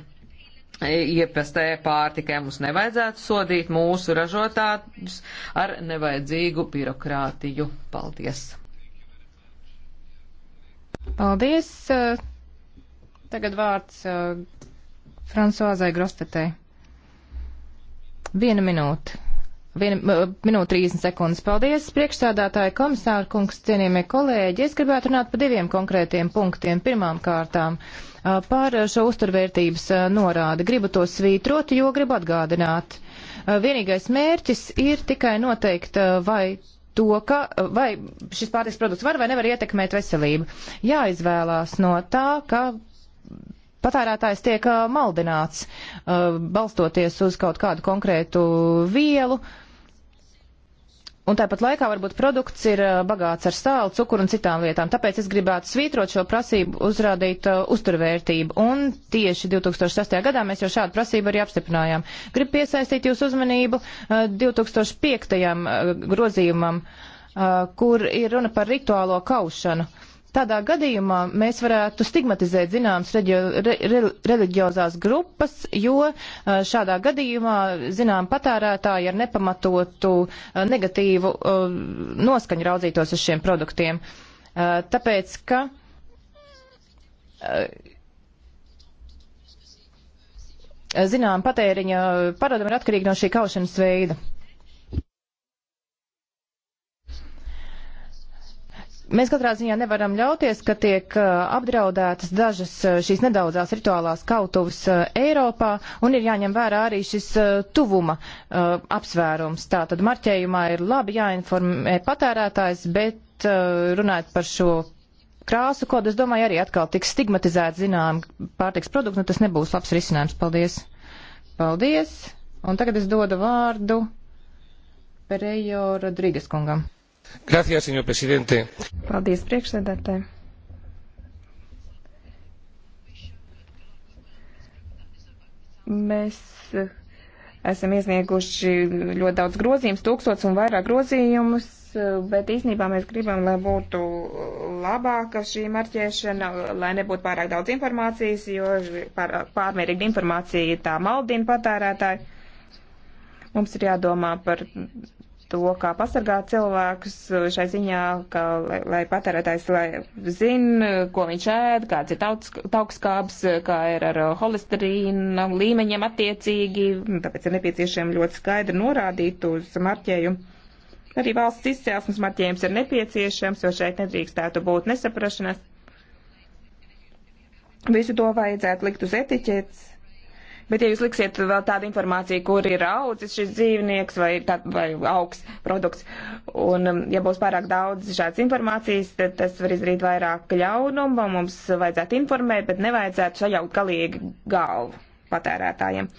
iepestē pārtikai mums nevajadzētu sodīt mūsu ražotājus ar nevajadzīgu birokrātiju. Paldies! Paldies! Tagad vārds eh, Francoazai Grostetei. Viena minūte minūte 30 sekundes. Paldies, priekšsādātāji komisāra kungs, cienījamie kolēģi. Es gribētu runāt par diviem konkrētiem punktiem. Pirmām kārtām par šo uzturvērtības norādi. Gribu to svītrot, jo gribu atgādināt. Vienīgais mērķis ir tikai noteikt, vai to, ka vai šis pārtiks produkts var vai nevar ietekmēt veselību. Jāizvēlās no tā, ka patērētājs tiek maldināts, balstoties uz kaut kādu konkrētu vielu. Uh, Un tāpat laikā varbūt produkts ir bagāts ar sāli, cukuru un citām lietām. Tāpēc es gribētu svītrot šo prasību, uzrādīt uh, uzturvērtību. Un tieši 2006. gadā mēs jau šādu prasību arī apstiprinājām. Gribu piesaistīt jūsu uzmanību uh, 2005. Uh, grozījumam, uh, kur ir runa par rituālo kaušanu. Uh, Tādā gadījumā mēs varētu stigmatizēt zināmas reģio, re, re, reliģiozās grupas, jo šādā gadījumā zinām patērētāji ar nepamatotu negatīvu noskaņu raudzītos uz šiem produktiem. Tāpēc, ka zinām patēriņa paradumi ir atkarīgi no šī kaušanas veida. Mēs katrā ziņā nevaram ļauties, ka tiek uh, apdraudētas dažas uh, šīs nedaudzās rituālās kautuvas uh, Eiropā, un ir jāņem vērā arī šis tuvuma apsvērums. Tātad marķējumā ir labi jāinformē patērētājs, bet runājot par šo krāsu kodu, es domāju, arī atkal tiks stigmatizēt zinām pārtiks produktu, nu tas nebūs labs risinājums. Paldies! Paldies! Un tagad es dodu vārdu Perejo Rodrīgas kungam. Gracias, senor presidente. Paldies, priekšsēdētāji. Mēs esam iesnieguši ļoti daudz grozījumus, tūkstots un vairāk grozījumus, bet īsnībā mēs gribam, lai būtu labāka šī marķēšana, lai nebūtu pārāk daudz informācijas, jo pār, pārmērīga informācija tā maldina patērētāju. Mums ir jādomā par to, kā pasargāt cilvēkus šai ziņā, ka, lai, lai patērētājs lai zina, ko viņš ēd, kāds ir tauts, taukskāps, kā ir ar holesterīna līmeņiem attiecīgi. Tāpēc ir nepieciešama ļoti skaidri norādīt uz marķējumu. Arī valsts izcelsmes marķējums ir nepieciešams, jo šeit nedrīkstētu būt nesaprašanās. Visu to vajadzētu likt uz etiķetes Bet, ja jūs liksiet vēl tādu informāciju, kur ir audzis šis dzīvnieks vai, tā, vai augs produkts, un um, ja būs pārāk daudz šādas informācijas, tad tas var izdarīt vairāk ļaunumu, mums vajadzētu informēt, bet nevajadzētu sajaut galīgi galvu patērētājiem.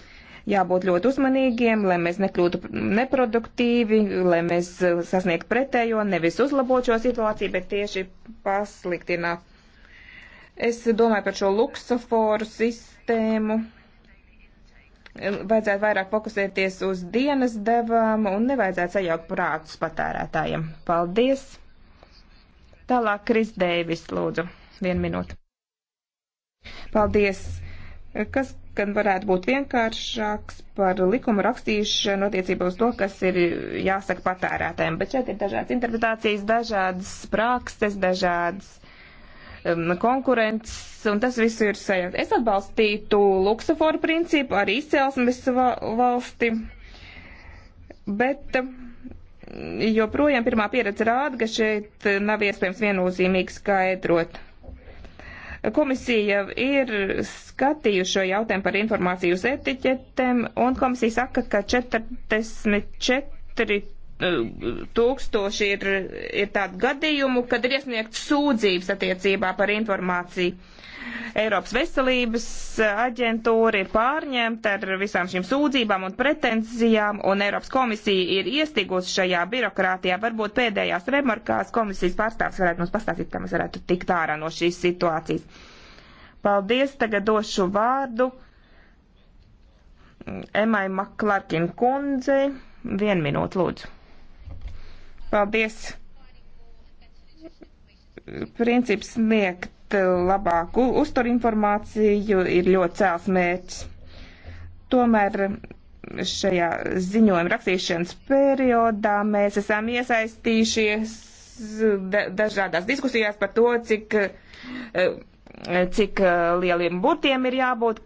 Jābūt ļoti uzmanīgiem, lai mēs nekļūtu neproduktīvi, lai mēs uh, sasniegtu pretējo, nevis uzlabot šo situāciju, bet tieši pasliktināt. Es domāju par šo luksoforu sistēmu vajadzētu vairāk fokusēties uz dienas devām un nevajadzētu sajaukt prātus patērētājiem. Paldies! Tālāk Kris Deivis, lūdzu, vienu minūtu. Paldies! Kas gan varētu būt vienkāršāks par likumu rakstīšanu attiecībā uz to, kas ir jāsaka patērētājiem, bet šeit ir dažādas interpretācijas, dažādas prakses, dažādas Um, konkurences, un tas viss ir sajaukt. Es atbalstītu luksuforu principu, arī izcelsmes valsti, bet um, joprojām pirmā pieredze rāda, ka šeit nav iespējams viennozīmīgi skaidrot. Komisija ir skatījuši šo jautājumu par informāciju uz etiķetēm, un komisija saka, ka 44 tūkstoši ir, ir tādu gadījumu, kad ir iesniegt sūdzības attiecībā par informāciju. Eiropas veselības aģentūra ir pārņemta ar visām šīm sūdzībām un pretenzijām, un Eiropas komisija ir iestigusi šajā birokrātijā. Varbūt pēdējās remarkās komisijas pārstāvs varētu mums pastāstīt, kā mēs varētu tikt ārā no šīs situācijas. Paldies, tagad došu vārdu Emai Maklarkin kundzei. Vienu minūti, lūdzu. Paldies! Princips sniegt labāku uzturinformāciju ir ļoti cēls mērķis. Tomēr šajā ziņojuma rakstīšanas periodā mēs esam iesaistījušies dažādās diskusijās par to, cik, eh, cik eh, lieliem burtiem ir jābūt,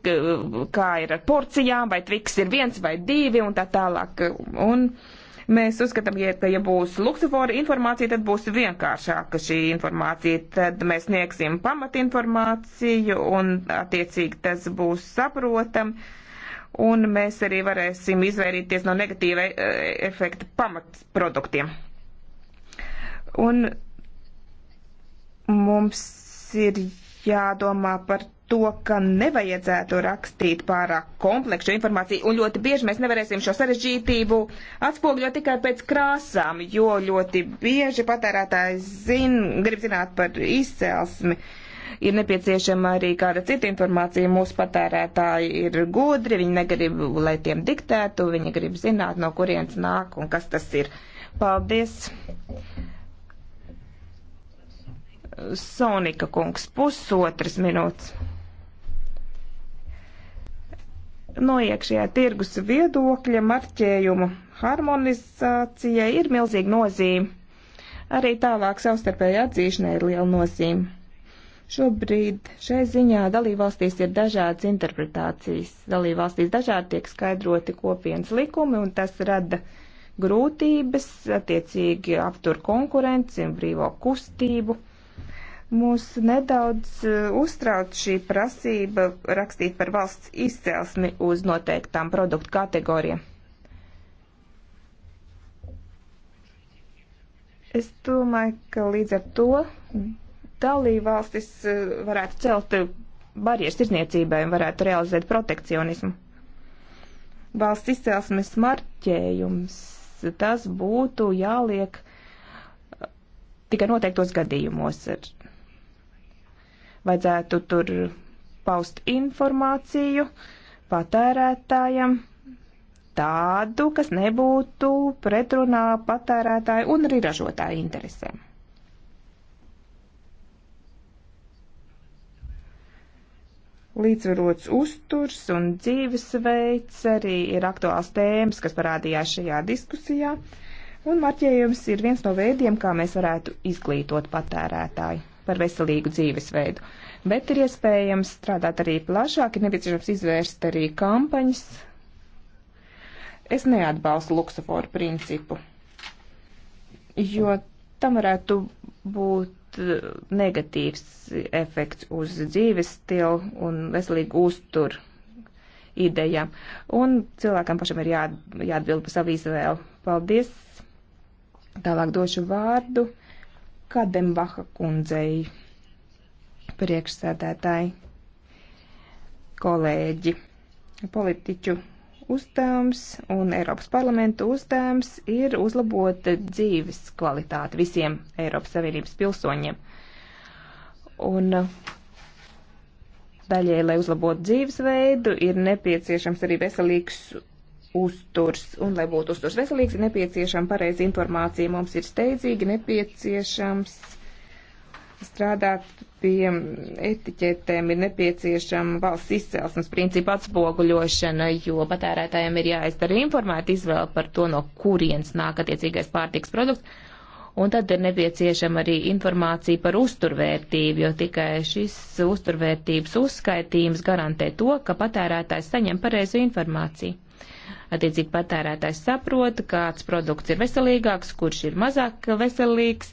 kā ir ar porcijām, vai triks ir viens vai divi un tā tālāk. Un, uh, Mēs uzskatām, ja, ka ja būs Luksafora informācija, tad būs vienkāršāka šī informācija. Tad mēs sniegsim pamatinformāciju un attiecīgi tas būs saprotam. Un mēs arī varēsim izvairīties no negatīva e, efekta pamatproduktiem. Un mums ir jādomā par to, ka nevajadzētu rakstīt pārāk kompleksu informāciju, un ļoti bieži mēs nevarēsim šo sarežģītību atspogļot tikai pēc krāsām, jo ļoti bieži patērētājs zin, grib zināt par izcelsmi. Ir nepieciešama arī kāda cita informācija. Mūsu patērētāji ir gudri, viņi negrib, lai tiem diktētu, viņi grib zināt, no kurienes nāk un kas tas ir. Paldies! Sonika kungs, pusotras minūtes no iekšējā tirgus viedokļa marķējumu harmonizācijai ir milzīga nozīme. Arī tālāk savstarpēja atzīšanai ir liela nozīme. Šobrīd šai ziņā dalībvalstīs ir dažādas interpretācijas. Dalībvalstīs dažādi tiek skaidroti kopienas likumi, un tas rada grūtības, attiecīgi aptur konkurenci un brīvo kustību. Mūs nedaudz eh, uztrauc šī prasība rakstīt par valsts izcelsmi uz noteiktām produktu kategorijām. Es domāju, ka līdz ar to dalībvalstis eh, varētu celt barjeras tirzniecībai un varētu realizēt protekcionismu. Valsts izcelsmes marķējums, tas būtu jāliek eh, tikai noteiktos gadījumos ar Vajadzētu tur paust informāciju patērētājam tādu, kas nebūtu pretrunā patērētāju un arī ražotāju interesēm. Līdzvarots uzturs un dzīvesveids arī ir aktuāls tēmas, kas parādījās šajā diskusijā, un marķējums ir viens no veidiem, kā mēs varētu izglītot patērētāju par veselīgu dzīvesveidu. Bet ir iespējams strādāt arī plašāk, ir nepieciešams izvērst arī kampaņas. Es neatbalstu luksaforu principu, jo tam varētu būt eh, negatīvs efekts uz dzīves stilu un veselīgu uzturu idejām. Un cilvēkam pašam ir jā, jāatbild par savu izvēlu. Paldies! Tālāk došu vārdu Kadenbaha kundzei, priekšsēdētāji, kolēģi. Politiķu uzdevums un Eiropas parlamenta uzdevums ir uzlabot dzīves kvalitāti visiem Eiropas Savienības pilsoņiem. Un daļai, lai uzlabotu dzīvesveidu, ir nepieciešams arī veselīgs uzturs, un lai būtu uzturs veselīgs, ir nepieciešama pareiza informācija. Mums ir steidzīgi nepieciešams strādāt pie etiķetēm, ir nepieciešama valsts izcelsmes principa atspoguļošana, jo patērētājiem ir jāizdara informēta izvēle par to, no kurienes nāk attiecīgais pārtiks produkts. Un tad ir nepieciešama arī informācija par uzturvērtību, jo tikai šis uzturvērtības uzskaitījums garantē to, ka patērētājs saņem pareizu informāciju. Attiecīgi patērētājs saprot, kāds produkts ir veselīgāks, kurš ir mazāk veselīgs.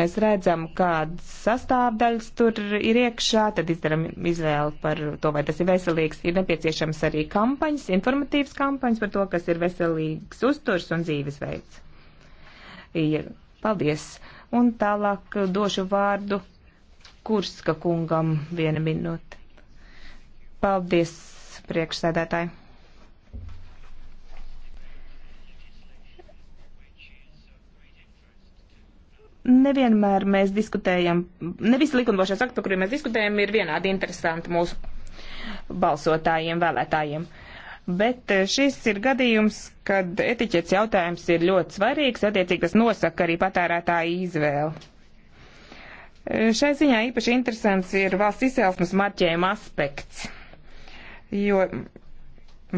Mēs redzam, kādas sastāvdaļas tur ir iekšā, tad izdaram izvēli par to, vai tas ir veselīgs. Ir nepieciešams arī kampaņas, informatīvas kampaņas par to, kas ir veselīgs uzturs un dzīvesveids. Ir. Paldies! Un tālāk došu vārdu Kurska kungam viena minūte. Paldies, priekšsēdētāji! nevienmēr mēs diskutējam, ne visi likumdošanas akti, par kuriem mēs diskutējam, ir vienādi interesanti mūsu balsotājiem, vēlētājiem. Bet eh, šis ir gadījums, kad etiķets jautājums ir ļoti svarīgs, attiecīgi tas nosaka arī patērētāju izvēli. Eh, šai ziņā īpaši interesants ir valsts izcelsmes marķējuma aspekts, jo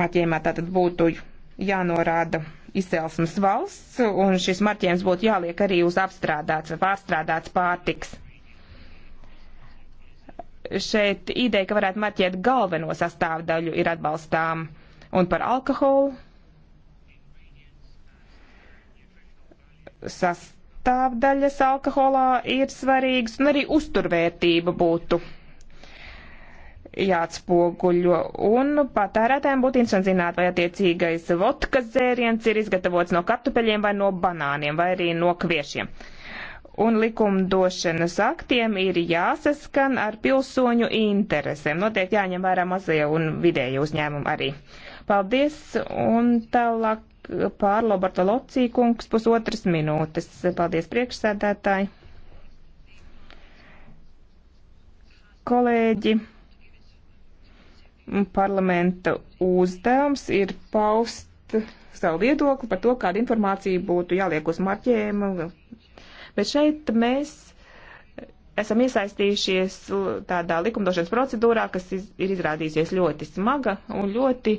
marķējumā tātad būtu jānorāda izcelsmes valsts, un šis marķējums būtu jāliek arī uz apstrādāts vai pārstrādāts pārtiks. Šeit ideja, ka varētu marķēt galveno sastāvdaļu, ir atbalstām. Un par alkoholu sastāvdaļas alkoholā ir svarīgas, un arī uzturvērtība būtu jāatspoguļo, un patērētājiem būtu interesanti zināt, vai attiecīgais vodkas dzēriens ir izgatavots no kartupeļiem vai no banāniem vai arī no kviešiem. Un likumdošanas aktiem ir jāsaskan ar pilsoņu interesēm. Noteikti jāņem vērā mazie un vidēji uzņēmumi arī. Paldies, un tālāk Pārlo Bartolocī kungs pusotras minūtes. Paldies priekšsēdētāji. Kolēģi parlamenta uzdevums ir paust savu viedokli par to, kāda informācija būtu jāliek uz marķējumu. Bet šeit mēs esam iesaistījušies tādā likumdošanas procedūrā, kas iz, ir izrādījusies ļoti smaga un ļoti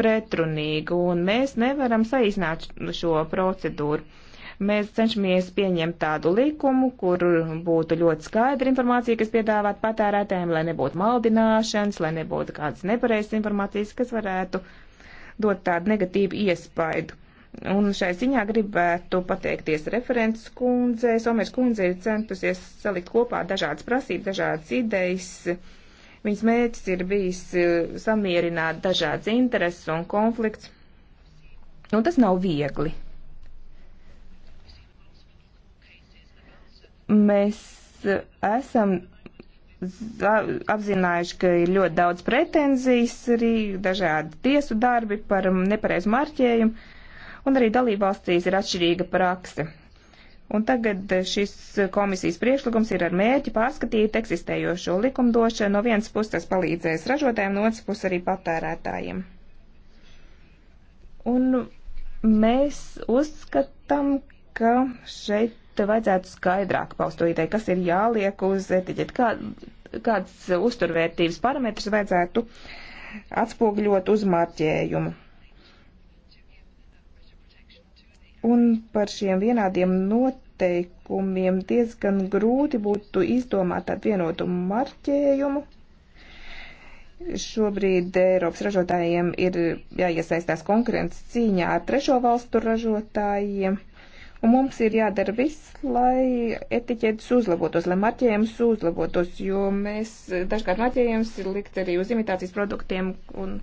pretrunīga, un mēs nevaram saīsināt šo procedūru. Mēs cenšamies pieņemt tādu likumu, kur būtu ļoti skaidra informācija, kas piedāvāt patērētēm, lai nebūtu maldināšanas, lai nebūtu kādas nepareizas informācijas, kas varētu dot tādu negatīvu iespaidu. Un šai ziņā gribētu pateikties referents kundze. Somers kundze ir centusies salikt kopā dažādas prasības, dažādas idejas. Viņas mērķis ir bijis eh, samierināt dažādas intereses un konflikts. Un nu, tas nav viegli. Mēs e, esam apzinājuši, ka ir ļoti daudz pretenzijas, arī dažādi tiesu darbi par nepareizu marķējumu, un arī dalībvalstīs ir atšķirīga prakse. Un tagad e, šis komisijas priekšlikums ir ar mērķi pārskatīt eksistējošo likumdošanu. No vienas puses tas palīdzēs ražotājiem, no otras puses arī patērētājiem. Un mēs uzskatām, ka šeit te vajadzētu skaidrāk paust to ideju, kas ir jāliek uz etiķeti, kā, kādas uzturvērtības parametrus vajadzētu atspogļot uz marķējumu. Un par šiem vienādiem noteikumiem diezgan grūti būtu izdomāt tādu vienotu marķējumu. Šobrīd Eiropas ražotājiem ir jāiesaistās konkurences cīņā ar trešo valstu ražotājiem. Uh, Un mums ir jādara viss, lai etiķetes uzlabotos, lai marķējums uzlabotos, jo mēs dažkārt marķējums ir likt arī uz imitācijas produktiem un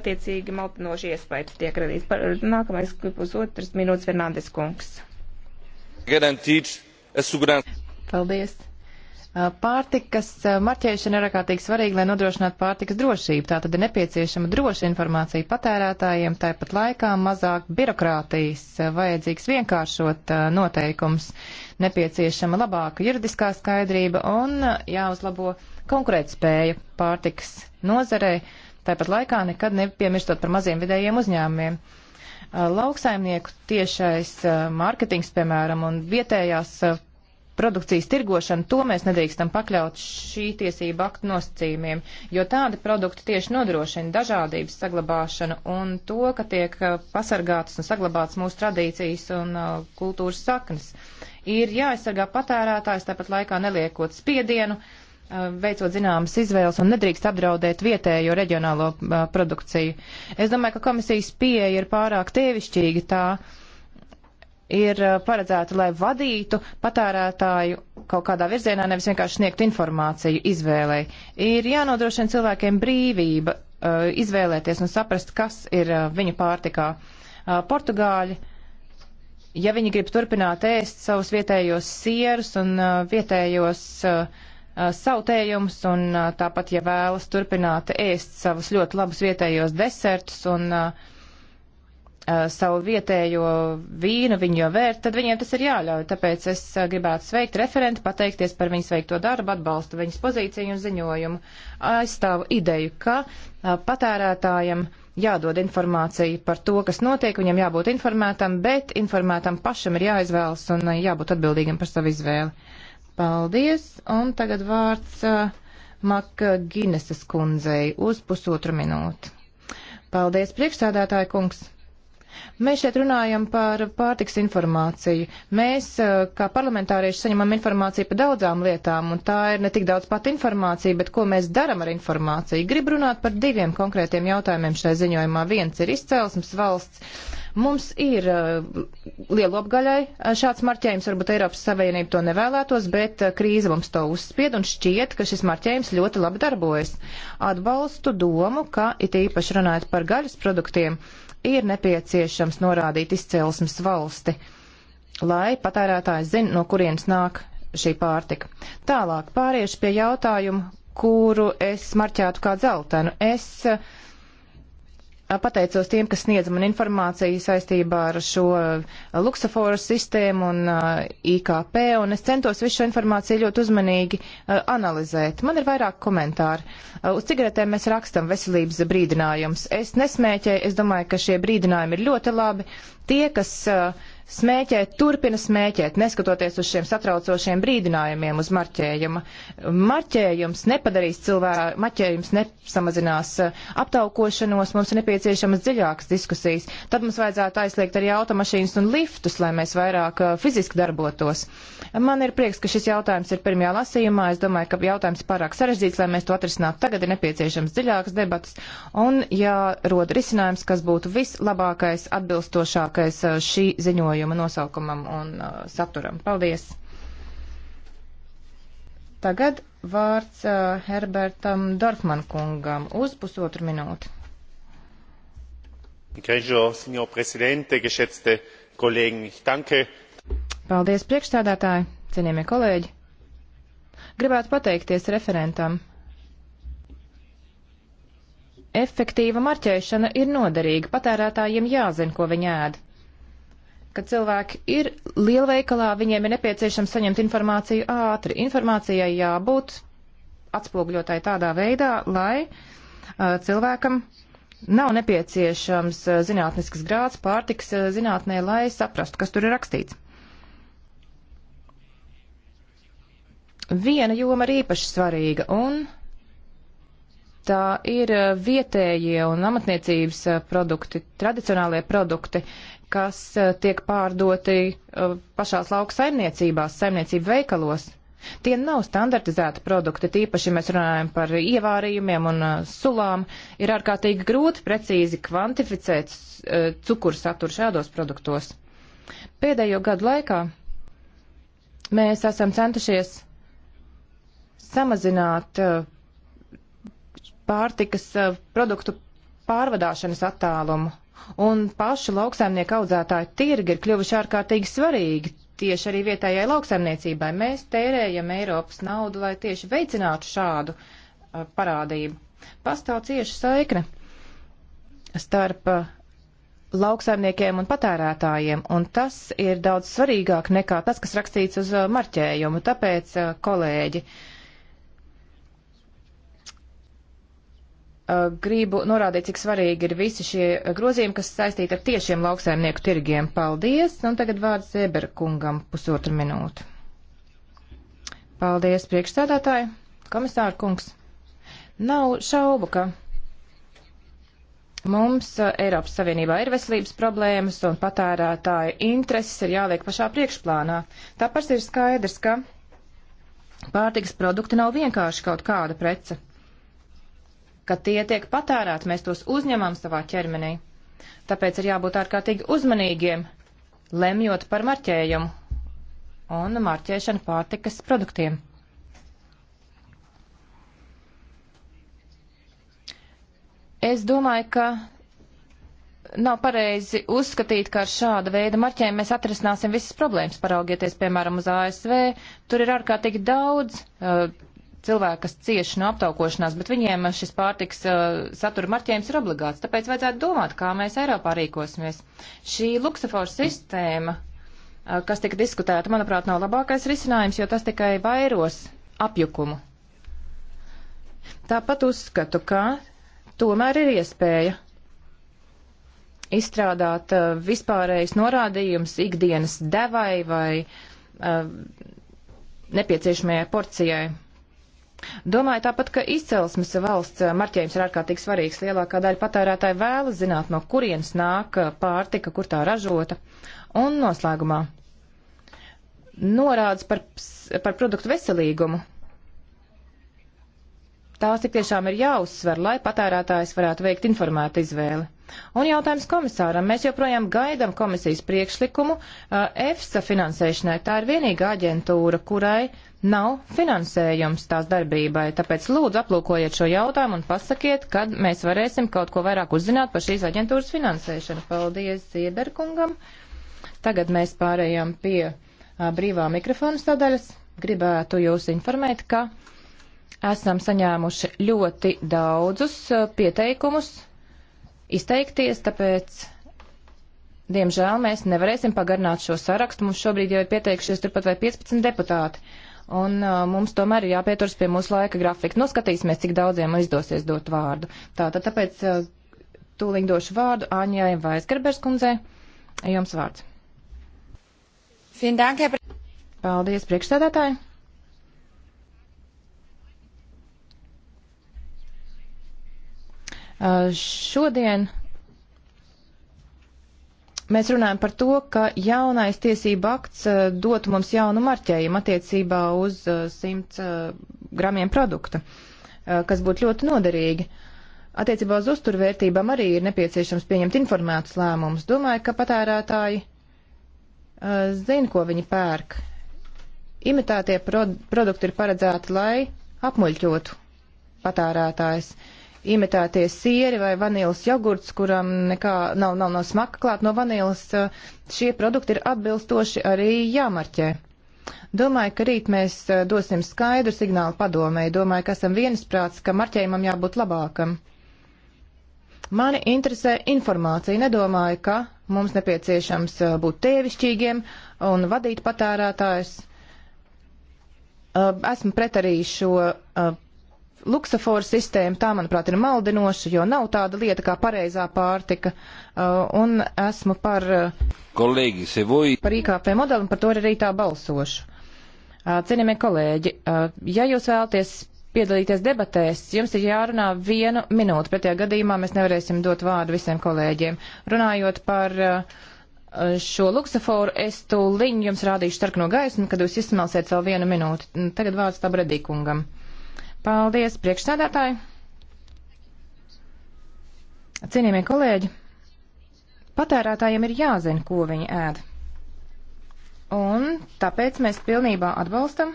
attiecīgi maltinoši iespējas tiek radīts. Par, nākamais pusotras minūtes Fernandes kungs. Garantīt, es sugrānu. Paldies. Eh, pārtikas eh, marķēšana ir ārkārtīgi svarīga, lai nodrošinātu pārtikas drošību. Tā tad ir nepieciešama droša informācija patērētājiem, tāpat laikā mazāk birokrātijas, eh, vajadzīgs vienkāršot noteikums, nepieciešama labāka juridiskā skaidrība un jāuzlabo konkurētspēja pārtikas nozarē, tāpat laikā nekad nepiemirstot par maziem vidējiem uzņēmumiem lauksaimnieku tiešais mārketings, piemēram, un vietējās produkcijas tirgošanu, to mēs nedrīkstam pakļaut šī tiesība aktu nosacījumiem, jo tādi produkti tieši nodrošina dažādības saglabāšanu un to, ka tiek eh, pasargātas un saglabātas mūsu tradīcijas un uh, kultūras saknes. Ir jāaizsargā patērētājs, tāpat laikā neliekot spiedienu, uh, veicot zināmas izvēles un nedrīkst apdraudēt vietējo reģionālo uh, produkciju. Es domāju, ka komisijas pieeja ir pārāk tievišķīga tā ir eh, paredzēti, lai vadītu patērētāju kaut kādā virzienā, nevis vienkārši sniegtu informāciju izvēlei. Ir jānodrošina cilvēkiem brīvība eh, izvēlēties un saprast, kas ir eh, viņu pārtikā. Portugāļi, ja viņi grib turpināt ēst savus vietējos sierus un vietējos sautējumus, un tāpat, ja vēlas turpināt ēst savus ļoti labus vietējos desertus un uh, Uh, savu vietējo vīnu, viņu jau vērt, tad viņiem tas ir jāļauj. Tāpēc es uh, gribētu sveikt referentu, pateikties par viņas veikto darbu, atbalstu viņas pozīciju un ziņojumu. Aizstāvu ideju, ka uh, patērētājiem jādod informācija par to, kas notiek, viņam jābūt informētam, bet informētam pašam ir jāizvēlas un jābūt atbildīgam par savu izvēli. Paldies, un tagad vārds Maka Gineses kundzei uz pusotru minūti. Paldies, priekšsādātāja kungs! Mēs šeit runājam par pārtiks informāciju. Mēs, eh, kā parlamentārieši, saņemam informāciju par daudzām lietām, un tā ir ne tik daudz pat informācija, bet ko mēs daram ar informāciju. Gribu runāt par diviem konkrētiem jautājumiem šai ziņojumā. Viens ir izcelsmes valsts. Mums ir eh, lielopgaļai eh, šāds marķējums, varbūt Eiropas Savienība to nevēlētos, bet krīze mums to uzspied un šķiet, ka šis marķējums ļoti labi darbojas. Atbalstu domu, ka it īpaši runājot par gaļas produktiem. Uh, ir nepieciešams norādīt izcelsmes valsti, lai patērētājs zina, no kurienes nāk šī pārtika. Tālāk pāriešu pie jautājumu, kuru es marķētu kā dzeltenu. Es uh, Pateicos tiem, kas sniedz man informāciju saistībā ar šo luksaforu sistēmu un IKP, un es centos visu šo informāciju ļoti uzmanīgi analizēt. Man ir vairāk komentāru. Uz cigaretēm mēs rakstam veselības brīdinājums. Es nesmēķēju, es domāju, ka šie brīdinājumi ir ļoti labi. Tie, kas uh, smēķēt, turpina smēķēt, neskatoties uz šiem satraucošiem brīdinājumiem uz marķējuma. Marķējums nepadarīs cilvēku, marķējums nesamazinās eh, aptaukošanos, mums ir nepieciešamas dziļākas diskusijas. Tad mums vajadzētu aizliegt arī automašīnas un liftus, lai mēs vairāk eh, fiziski darbotos. Man ir prieks, ka šis jautājums ir pirmajā lasījumā. Es domāju, ka jautājums ir pārāk sarežģīts, lai mēs to atrisinātu. Tagad ir nepieciešams dziļākas debatas un jārod risinājums, kas būtu vislabākais, atbilstošākais eh, šī ziņojuma ziņojuma nosaukumam un uh, saturam. Paldies! Tagad vārds uh, Herbertam Dorfman kungam uz pusotru minūti. Grežo, signor presidente, geschätzte kolēģi, danke. Paldies priekšstādātāji, cienījamie kolēģi. Gribētu pateikties referentam Efektīva marķēšana ir noderīga, patērētājiem jāzina, ko viņi ēd ka cilvēki ir lielveikalā, viņiem ir nepieciešams saņemt informāciju ātri. Informācijai jābūt atspogļotai tādā veidā, lai uh, cilvēkam nav nepieciešams uh, zinātnisks grāds pārtiks uh, zinātnē, lai saprastu, kas tur ir rakstīts. Viena joma ir īpaši svarīga, un tā ir uh, vietējie un amatniecības uh, produkti, tradicionālie produkti. Uh, kas eh, tiek pārdoti eh, pašās lauka saimniecībās, saimniecību veikalos. Tie nav standartizēti produkti, tīpaši mēs runājam par ievārījumiem un eh, sulām. Ir ārkārtīgi grūti precīzi kvantificēt cukuru saturu šādos produktos. Pēdējo gadu laikā mēs esam centušies samazināt pārtikas produktu pārvadāšanas attālumu un paši lauksaimnieku audzētāju tirgi ir kļuvuši ārkārtīgi svarīgi tieši arī vietējai lauksaimniecībai. Mēs tērējam Eiropas naudu, lai tieši veicinātu šādu uh, parādību. Pastāv cieša saikne starp uh, lauksaimniekiem un patērētājiem, un tas ir daudz svarīgāk nekā tas, kas rakstīts uz uh, marķējumu. Tāpēc, uh, kolēģi, uh, gribu norādīt, cik svarīgi ir visi šie grozījumi, kas saistīti ar tiešiem lauksaimnieku tirgiem. Paldies! Un tagad vārds Ebera kungam pusotru minūtu. Paldies, priekšstādātāji, komisāra kungs. Nav šaubu, ka mums Eiropas Savienībā ir veselības problēmas un patērētāju intereses ir jāliek pašā priekšplānā. Tāpēc ir skaidrs, ka pārtikas produkti nav vienkārši kaut kāda prece ka tie tiek patērēti, mēs tos uzņemam savā ķermenī. Tāpēc ir jābūt ārkārtīgi uzmanīgiem, lemjot par marķējumu un marķēšanu pārtikas produktiem. Es domāju, ka nav pareizi uzskatīt, ka ar šāda veida marķējumu mēs atrisināsim visas problēmas. Paraugieties, piemēram, uz ASV, tur ir ārkārtīgi daudz uh, cilvēki, kas cieši no aptaukošanās, bet viņiem šis pārtiks uh, satura marķējums ir obligāts. Tāpēc vajadzētu domāt, kā mēs Eiropā rīkosimies. Šī luksafora sistēma, uh, kas tika diskutēta, manuprāt, nav labākais risinājums, jo tas tikai vairos apjukumu. Tāpat uzskatu, ka tomēr ir iespēja izstrādāt uh, vispārējais norādījums ikdienas devai vai uh, nepieciešamajai porcijai. Domāju tāpat, ka izcelsmes valsts eh, marķējums ir ārkārtīgi svarīgs. Lielākā daļa patērētāja vēlas zināt, no kurienes nāk eh, pārtika, kur tā ražota. Un noslēgumā norādes par, par produktu veselīgumu. Tās tik tiešām ir jāuzsver, lai patērētājs varētu veikt informētu izvēli. Un jautājums komisāram. Mēs joprojām gaidam komisijas priekšlikumu eh, EFSA finansēšanai. Tā ir vienīgā aģentūra, kurai nav finansējums tās darbībai. Tāpēc lūdzu aplūkojiet šo jautājumu un pasakiet, kad mēs varēsim kaut ko vairāk uzzināt par šīs aģentūras finansēšanu. Paldies Zieberkungam. Tagad mēs pārējām pie a, brīvā mikrofona sadaļas. Gribētu jūs informēt, ka esam saņēmuši ļoti daudzus a, pieteikumus izteikties, tāpēc Diemžēl mēs nevarēsim pagarināt šo sarakstu. Mums šobrīd jau ir pieteikušies turpat vai 15 deputāti. Un uh, mums tomēr ir jāpieturas pie mūsu laika grafika. Noskatīsimies, nu, cik daudziem izdosies dot vārdu. Tātad tāpēc uh, tūlīt došu vārdu Āņai Vaisgarbers kundzē. Jums vārds. Paldies, priekšsēdētāji! Uh, šodien Mēs runājam par to, ka jaunais tiesība akts eh, dotu mums jaunu marķējumu attiecībā uz 100 eh, eh, gramiem produkta, kas būtu ļoti noderīgi. Attiecībā uz uzturvērtībām arī ir nepieciešams pieņemt informētus lēmumus. Domāju, ka patērētāji zina, ko viņi pērk. Imitētie produkti ir paredzēti, lai apmuļķotu patērētājs. Uh, imitētie sieri vai vanīlas jogurts, kuram nekā nav, nav, nav smaka klāt no vanīlas, šie produkti ir atbilstoši arī jāmarķē. Domāju, ka rīt mēs dosim skaidru signālu padomēji. Domāju, ka esam viensprāts, ka marķējumam jābūt labākam. Mani interesē informācija. Nedomāju, ka mums nepieciešams būt tēvišķīgiem un vadīt patērētājus. Esmu pret arī šo luksaforu sistēma, tā, manuprāt, ir maldinoša, jo nav tāda lieta kā pareizā pārtika, uh, un esmu par, uh, Kolēģi, voi... par IKP modeli un par to arī tā balsošu. Uh, cienījamie kolēģi, ja jūs vēlaties piedalīties debatēs, jums ir jārunā vienu minūti, pretējā gadījumā mēs nevarēsim dot vārdu visiem kolēģiem. Runājot par šo luksaforu, es tūliņ jums rādīšu stark no gaismu, kad jūs izsmelsiet savu vienu minūti. Tagad vārds Tabredīkungam. kungam. Paldies, priekšsēdētāji! Cienījamie kolēģi, patērētājiem ir jāzina, ko viņi ēd. Un tāpēc mēs pilnībā atbalstam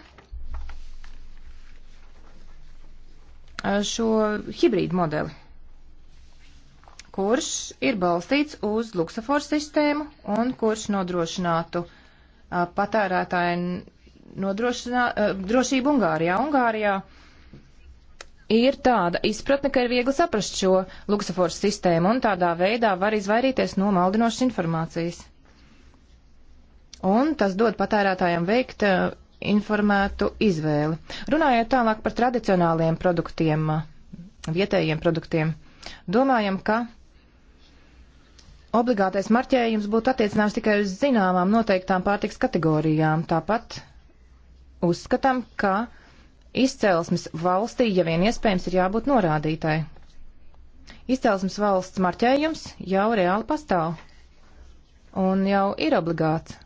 šo hibrīdu modeli, kurš ir balstīts uz luksaforu sistēmu un kurš nodrošinātu patērētāju nodrošinā, drošību Ungārijā. Ungārijā uh, ir tāda izpratne, ka ir viegli saprast šo luksaforu sistēmu un tādā veidā var izvairīties no maldinošas informācijas. Un tas dod patērētājiem veikt eh, informētu izvēli. Runājot tālāk par tradicionāliem produktiem, eh, vietējiem produktiem, domājam, ka obligātais marķējums būtu attiecināms tikai uz zināmām noteiktām pārtiks kategorijām. Tāpat uzskatām, ka Izcelsmes valstī, ja vien iespējams, ir jābūt norādītai. Izcelsmes valsts marķējums jau reāli pastāv un jau ir obligāts.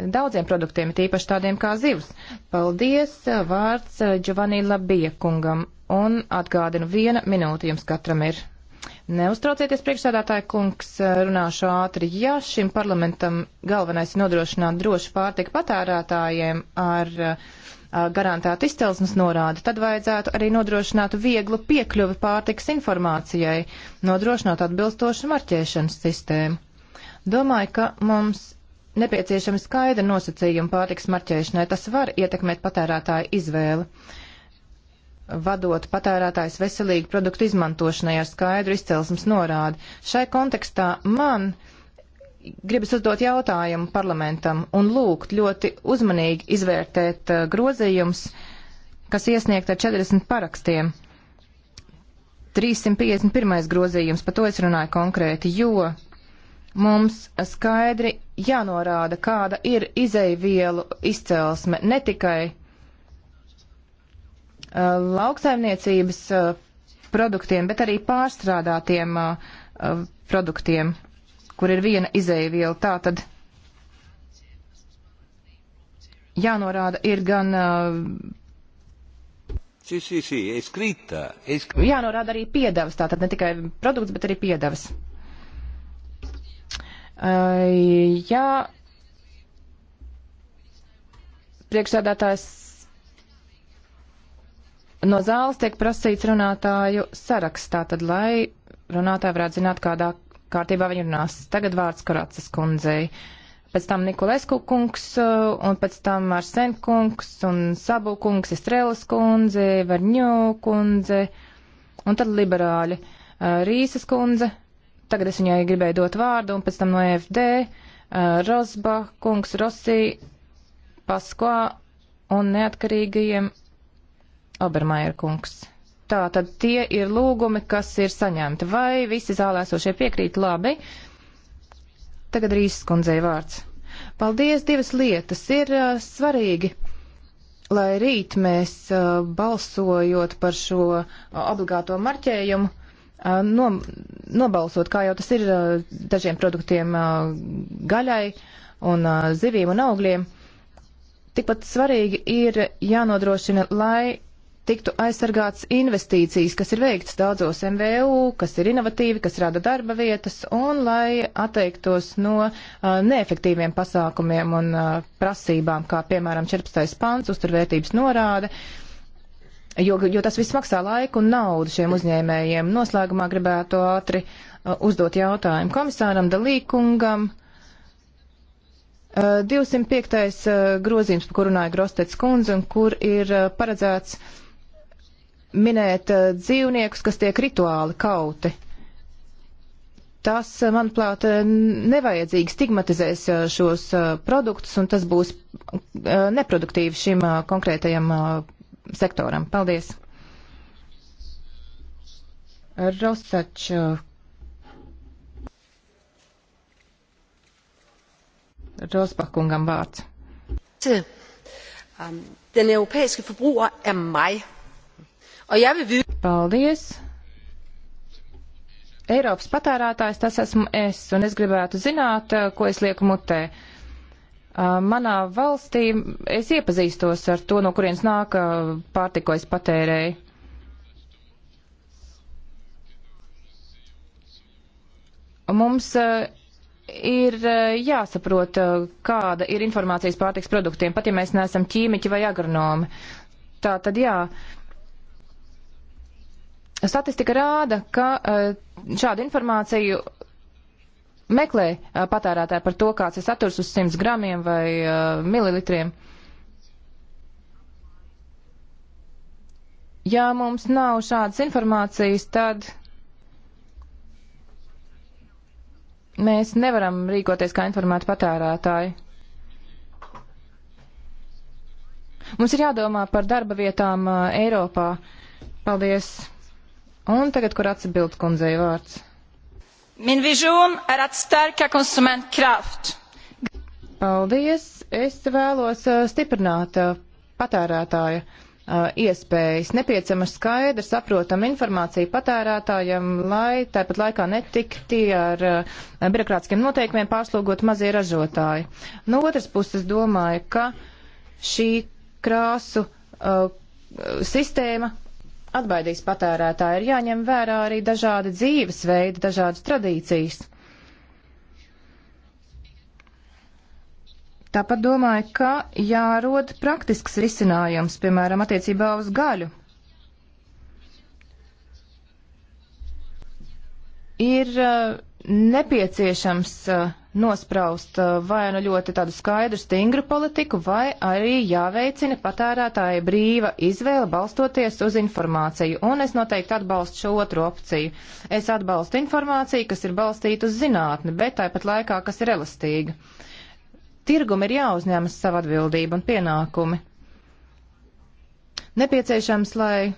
Daudziem produktiem, tīpaši tādiem kā zivs. Paldies, vārds Giovanni Labija kungam, un atgādinu, viena minūte jums katram ir. Neuztraucieties, priekšsēdētāja kungs, eh, runāšu ātri. Ja šim parlamentam galvenais ir nodrošināt drošu pārtiku patērētājiem ar eh, garantētu izcelsmes norādi, tad vajadzētu arī nodrošināt vieglu piekļuvi pārtikas informācijai, nodrošinot atbilstošu marķēšanas sistēmu. Domāju, ka mums nepieciešami skaidri nosacījumi pārtikas marķēšanai, tas var ietekmēt patērētāju izvēli vadot patērētājs veselīgu produktu izmantošanai ar skaidru izcelsmes norādi. Šai kontekstā man gribas uzdot jautājumu parlamentam un lūgt ļoti uzmanīgi izvērtēt uh, grozījums, kas iesniegt ar 40 parakstiem. 351. grozījums, par to es runāju konkrēti, jo mums skaidri jānorāda, kāda ir izeivielu izcelsme ne tikai Uh, lauksaimniecības uh, produktiem, bet arī pārstrādātiem uh, produktiem, kur ir viena izēviela. Tā tad jānorāda ir gan. Sí, sí, sí, escrita, escrita. Jānorāda arī piedevas, tātad ne tikai produkts, bet arī piedevas. Uh, jā, priekšsēdētājs No zāles tiek prasīts runātāju sarakstā, tad lai runātāji varētu zināt, kādā kārtībā viņi runās. Tagad vārds Karacas kundzei, pēc tam Nikolesku kungs, uh, un pēc tam Arsen kungs, un Sabu kungs, Estrelas kundze, Varņo kundze, un tad liberāļi uh, Rīsas kundze. Tagad es viņai gribēju dot vārdu, un pēc tam no EFD uh, Rosbach kungs, Rosī, Paskvā un neatkarīgajiem Obermaier kungs. Tā tad tie ir lūgumi, kas ir saņemti. Vai visi zālē esošie piekrīt labi? Tagad arī skundzei vārds. Paldies, divas lietas ir uh, svarīgi. Lai rīt mēs uh, balsojot par šo uh, obligāto marķējumu, uh, no, nobalsot, kā jau tas ir uh, dažiem produktiem uh, gaļai un uh, zivīm un augļiem, tikpat svarīgi ir jānodrošina, lai tiktu aizsargāts investīcijas, kas ir veikts daudzos MVU, kas ir inovatīvi, kas rada darba vietas, un lai atteiktos no uh, neefektīviem pasākumiem un uh, prasībām, kā piemēram 14. pants, uzturvērtības norāde. Jo, jo tas viss maksā laiku un naudu šiem uzņēmējiem. Noslēgumā gribētu ātri uh, uzdot jautājumu komisāram Dalīkungam. 205. Uh, uh, grozījums, par kuru runāja Grostets kundze, un kur ir uh, paredzēts uh, minēt uh, dzīvniekus, kas tiek rituāli kauti. Tas, eh, manuprāt, eh, nevajadzīgi stigmatizēs šos produktus, un tas būs neproduktīvi šim konkrētajam sektoram. Paldies! Rosač. Rosbachkungam vārds. Um, den europæiske forbruger er mig. A jēvi... Paldies! Eiropas patērētājs tas esmu es, un es gribētu zināt, eh, ko es lieku mutē. Eh, manā valstī es iepazīstos ar to, no kurienes nāk eh, pārtika, ko es patērēju. Mums ir jāsaprot, kāda ir informācijas pārtiks produktiem, pat ja mēs neesam ķīmiķi vai agronomi. Tā tad jā, uh, Statistika rāda, ka eh, šādu informāciju meklē eh, patērētāji par to, kāds ir saturs uz 100 gramiem vai eh, mililitriem. Ja mums nav šādas informācijas, tad mēs nevaram rīkoties kā informēti patērētāji. Mums ir jādomā par darba vietām Eiropā. Paldies! Un tagad, kur atsebild kundzei vārds. Min vision ir atstärka konsumentkraft. Paldies! Es vēlos eh, stiprināt eh, patērētāja eh, iespējas. Nepieciešama skaidra, saprotama informācija patērētājam, lai tāpat laikā netikti ar birokrātiskiem noteikumiem pārslūgot mazie ražotāji. No otras puses domāju, ka šī krāsu sistēma atbaidīs patērētāju, ir jāņem vērā arī dažādi dzīvesveidi, dažādas tradīcijas. Tāpat domāju, ka jārod praktisks risinājums, piemēram, attiecībā uz gaļu. Ir uh, nepieciešams uh, nospraust eh, vai nu ļoti tādu skaidru, stingru politiku, vai arī jāveicina patērētāja brīva izvēle balstoties uz informāciju. Un es noteikti atbalstu šo otru opciju. Es atbalstu informāciju, kas ir balstīta uz zinātni, bet tāpat laikā, kas ir elastīga. Tirgum ir jāuzņemas sava atbildība un pienākumi. Nepieciešams, lai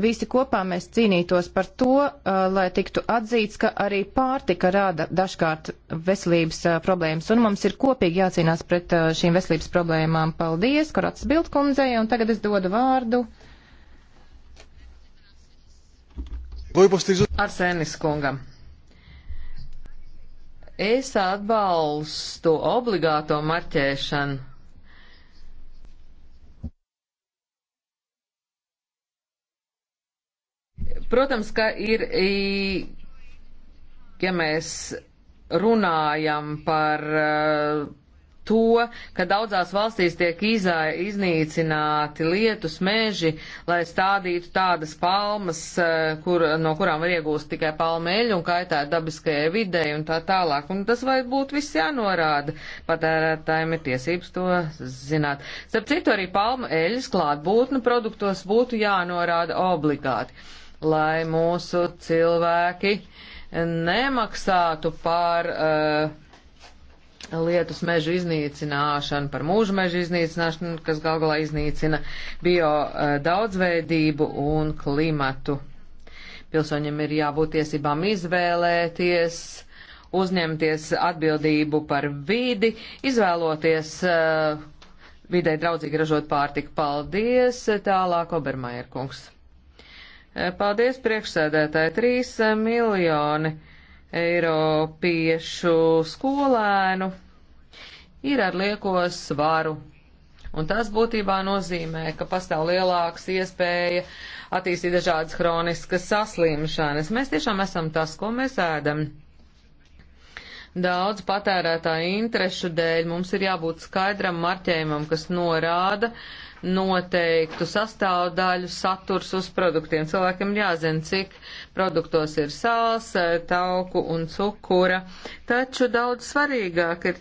visi kopā mēs cīnītos par to, uh, lai tiktu atzīts, ka arī pārtika rada dažkārt veselības uh, problēmas, un mums ir kopīgi jācīnās pret uh, šīm veselības problēmām. Paldies, Korats Bildkundzei, un tagad es dodu vārdu. Arsenis kungam. Es atbalstu obligāto marķēšanu Protams, ka ir, ja mēs runājam par e, to, ka daudzās valstīs tiek izā, iznīcināti lietus meži, lai stādītu tādas palmas, e, kur, no kurām var iegūst tikai palmeļu un kaitēt dabiskajai videi un tā tālāk. Un tas vajag būt viss jānorāda. Patērētājiem ir tiesības to zināt. Starp citu arī palma eļas klātbūtne produktos būtu jānorāda obligāti lai mūsu cilvēki nemaksātu par uh, lietus mežu iznīcināšanu, par mūžu mežu iznīcināšanu, kas gal galā iznīcina bio uh, daudzveidību un klimatu. Pilsoņiem ir jābūt tiesībām izvēlēties, uzņemties atbildību par vidi, izvēloties uh, vidē draudzīgi ražot pārtiku. Paldies, tālāk Obermajer kungs. Eh, paldies priekšsēdētāji, 3 eh, miljoni eiropiešu skolēnu ir ar lieko svaru. Un tas būtībā nozīmē, ka pastāv lielāks iespēja attīstīt dažādas hroniskas saslimšanas. Mēs tiešām esam tas, ko mēs ēdam. Daudz patērētāju interešu dēļ mums ir jābūt skaidram marķējumam, kas norāda, uh, noteiktu sastāvdaļu saturs uz produktiem. Cilvēkam jāzina, cik produktos ir sāls, tauku un cukura. Taču daudz svarīgāk ir,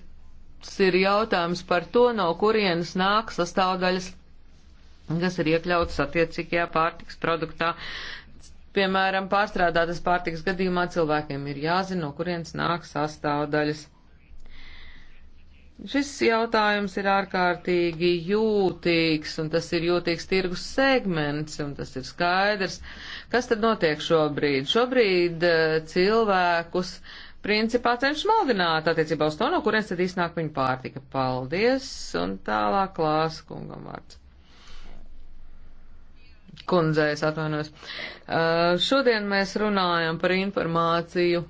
ir jautājums par to, no kurienes nāk sastāvdaļas, kas ir iekļautas attiecīgajā pārtiks produktā. Piemēram, pārstrādātas pārtiks gadījumā cilvēkiem ir jāzina, no kurienes nāk sastāvdaļas. Šis jautājums ir ārkārtīgi jūtīgs, un tas ir jūtīgs tirgus segments, un tas ir skaidrs. Kas tad notiek šobrīd? Šobrīd eh, cilvēkus principā cenšas maldināt attiecībā uz to, no kurienes tad iznāk viņa pārtika. Paldies, un tālāk klāsa kungam vārds. Kundzēs atvainojos. Uh, šodien mēs runājam par informāciju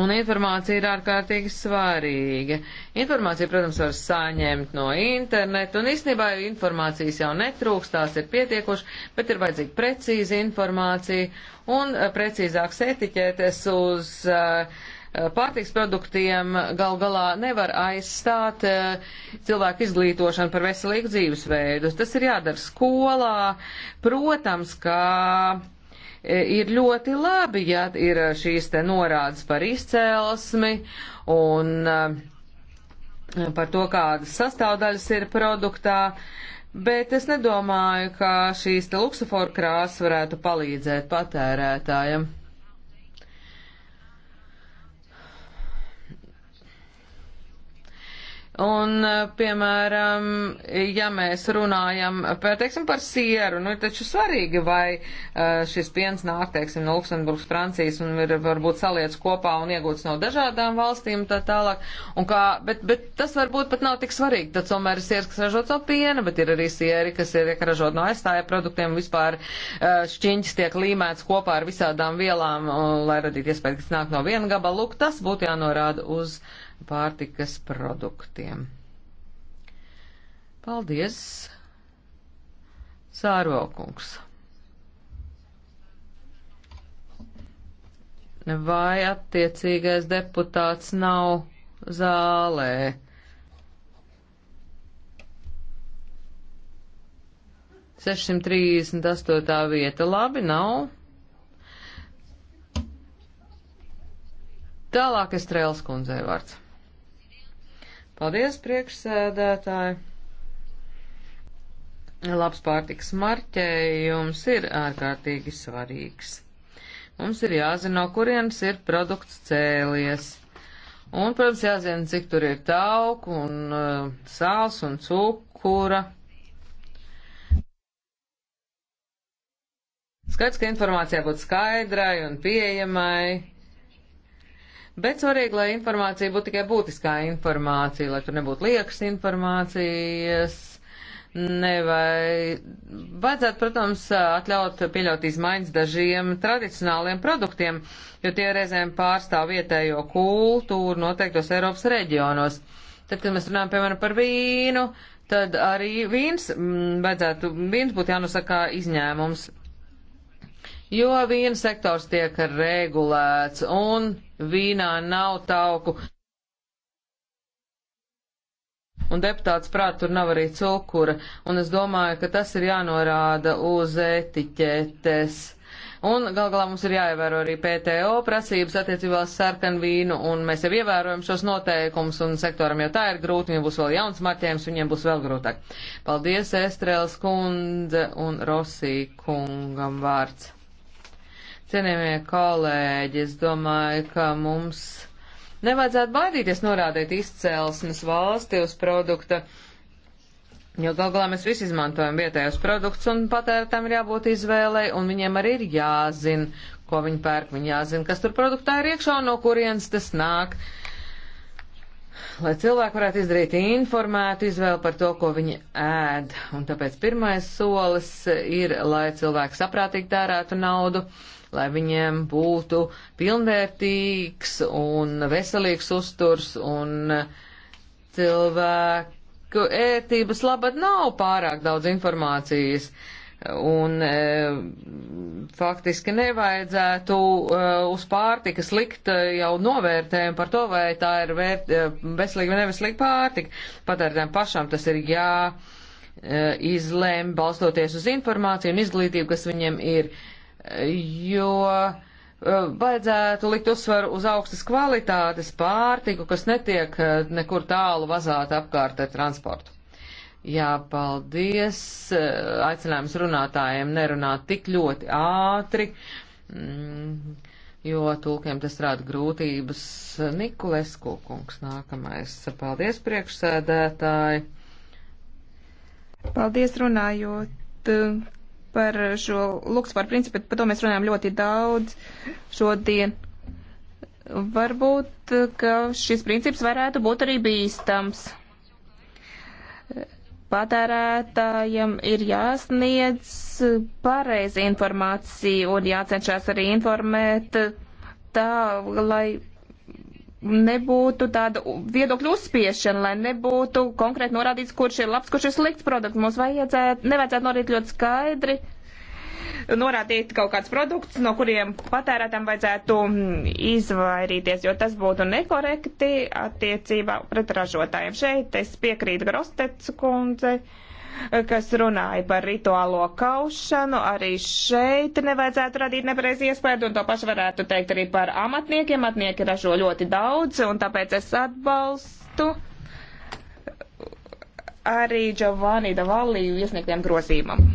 Un informācija ir ārkārtīgi svarīga. Informācija, protams, var saņemt no interneta, un īstenībā informācijas jau netrūks, tās ir pietiekoši, bet ir vajadzīga precīza informācija un eh, precīzāks etiķetes uz eh, pārtiks produktiem gal galā nevar aizstāt eh, cilvēku izglītošanu par veselīgu dzīvesveidu. Tas ir jādara skolā, protams, kā E, ir ļoti labi, ja ir e, šīs te norādes par izcēlesmi un e, par to, kādas sastāvdaļas ir produktā, bet es nedomāju, ka šīs te luksuforu krāsas varētu palīdzēt patērētājiem. Un, eh, piemēram, ja mēs runājam par, teiksim, par sieru, nu, ir taču svarīgi, vai eh, šis piens nāk, teiksim, no Luksemburgas, Francijas un ir varbūt saliec kopā un iegūts no dažādām valstīm tā tālāk. Un kā, bet, bet tas varbūt pat nav tik svarīgi. Tad tomēr ir sieras, kas ražots no piena, bet ir arī sieri, kas ir ražot no aizstāja produktiem. Vispār eh, šķiņķis tiek līmēts kopā ar visādām vielām, un, lai radītu iespēju, kas nāk no viena gabala. Lūk, tas būtu jānorāda uz. Uh, pārtikas produktiem. Paldies, Sārokungs! Vai attiecīgais deputāts nav zālē? Sešsimt trīsdesmit astotā vieta. Labi, nav. Tālāk Estrēlas kundzei vārds. Paldies, priekšsēdētāji! Labs pārtiks marķējums ir ārkārtīgi svarīgs. Mums ir jāzina, no kurienes ir produkts cēlies. Un, protams, jāzina, cik tur ir tauku un uh, sāls un cukura. Skaidrs, ka informācijā būtu skaidrai un pieejamai. Bet svarīgi, lai informācija būtu tikai būtiskā informācija, lai tur nebūtu liekas informācijas. Nevai. Vajadzētu, protams, atļaut pieļaut izmaiņas dažiem tradicionāliem produktiem, jo tie reizēm pārstāv vietējo kultūru noteiktos Eiropas reģionos. Tad, kad mēs runājam, piemēram, par vīnu, tad arī vīns, m, mm, vajadzētu, vīns būtu jānosaka izņēmums jo vīna sektors tiek regulēts un vīnā nav tauku. Un deputāts prāt, tur nav arī cukura, un es domāju, ka tas ir jānorāda uz etiķetes. Un gal galā mums ir jāievēro arī PTO prasības attiecībā uz sarkanvīnu, un mēs jau ievērojam šos noteikumus, un sektoram jau tā ir grūti, viņiem būs vēl jauns marķējums, viņiem būs vēl grūtāk. Paldies, Estrēls kundze un Rosī kungam vārds. Cienījamie kolēģi, es domāju, ka mums nevajadzētu baidīties norādīt izcelsmes valsti uz produkta, jo gal galā mēs visi izmantojam vietējos produktus un patērētām ir jābūt izvēlei un viņiem arī ir jāzina, ko viņi pērk, viņi jāzina, kas tur produktā ir iekšā un no kurienes tas nāk. Lai cilvēki varētu izdarīt informētu izvēli par to, ko viņi ēd. Un tāpēc pirmais solis ir, lai cilvēki saprātīgi tērētu naudu lai viņiem būtu pilnvērtīgs un veselīgs uzturs un cilvēku ētības labad nav pārāk daudz informācijas. Un e, faktiski nevajadzētu e, uz pārtikas likt e, jau novērtējumu par to, vai tā ir vērt, e, veselīga vai neveselīga pārtika. Patērētājiem pašam tas ir jā. E, izlēma balstoties uz informāciju un izglītību, kas viņiem ir jo e, vajadzētu likt uzsvaru uz augstas kvalitātes pārtiku, kas netiek e, nekur tālu vazāta apkārt ar transportu. Jā, paldies. E, aicinājums runātājiem nerunāt tik ļoti ātri, mm, jo tulkiem tas rāda grūtības. Nikolesku kungs nākamais. Paldies, priekšsēdētāji. Paldies runājot par šo luksusvaru principu, par to mēs runājam ļoti daudz šodien. Varbūt, ka šis princips varētu būt arī bīstams. Patērētājiem ir jāsniedz pareizi informāciju un jācenšas arī informēt tā, lai nebūtu tāda viedokļu uzspiešana, lai nebūtu konkrēti norādīts, kurš ir labs, kurš ir slikts produkts. Mums vajadzētu, nevajadzētu norīt ļoti skaidri, norādīt kaut kāds produkts, no kuriem patērētam vajadzētu mm, izvairīties, jo tas būtu nekorekti attiecībā pret ražotājiem. Šeit es piekrītu Grostets kundzei kas runāja par rituālo kaušanu. Arī šeit nevajadzētu radīt nepareizi iespēju, un to pašu varētu teikt arī par amatniekiem. Amatnieki ražo ļoti daudz, un tāpēc es atbalstu arī Giovanni Davalliju iesniegtiem grozījumam.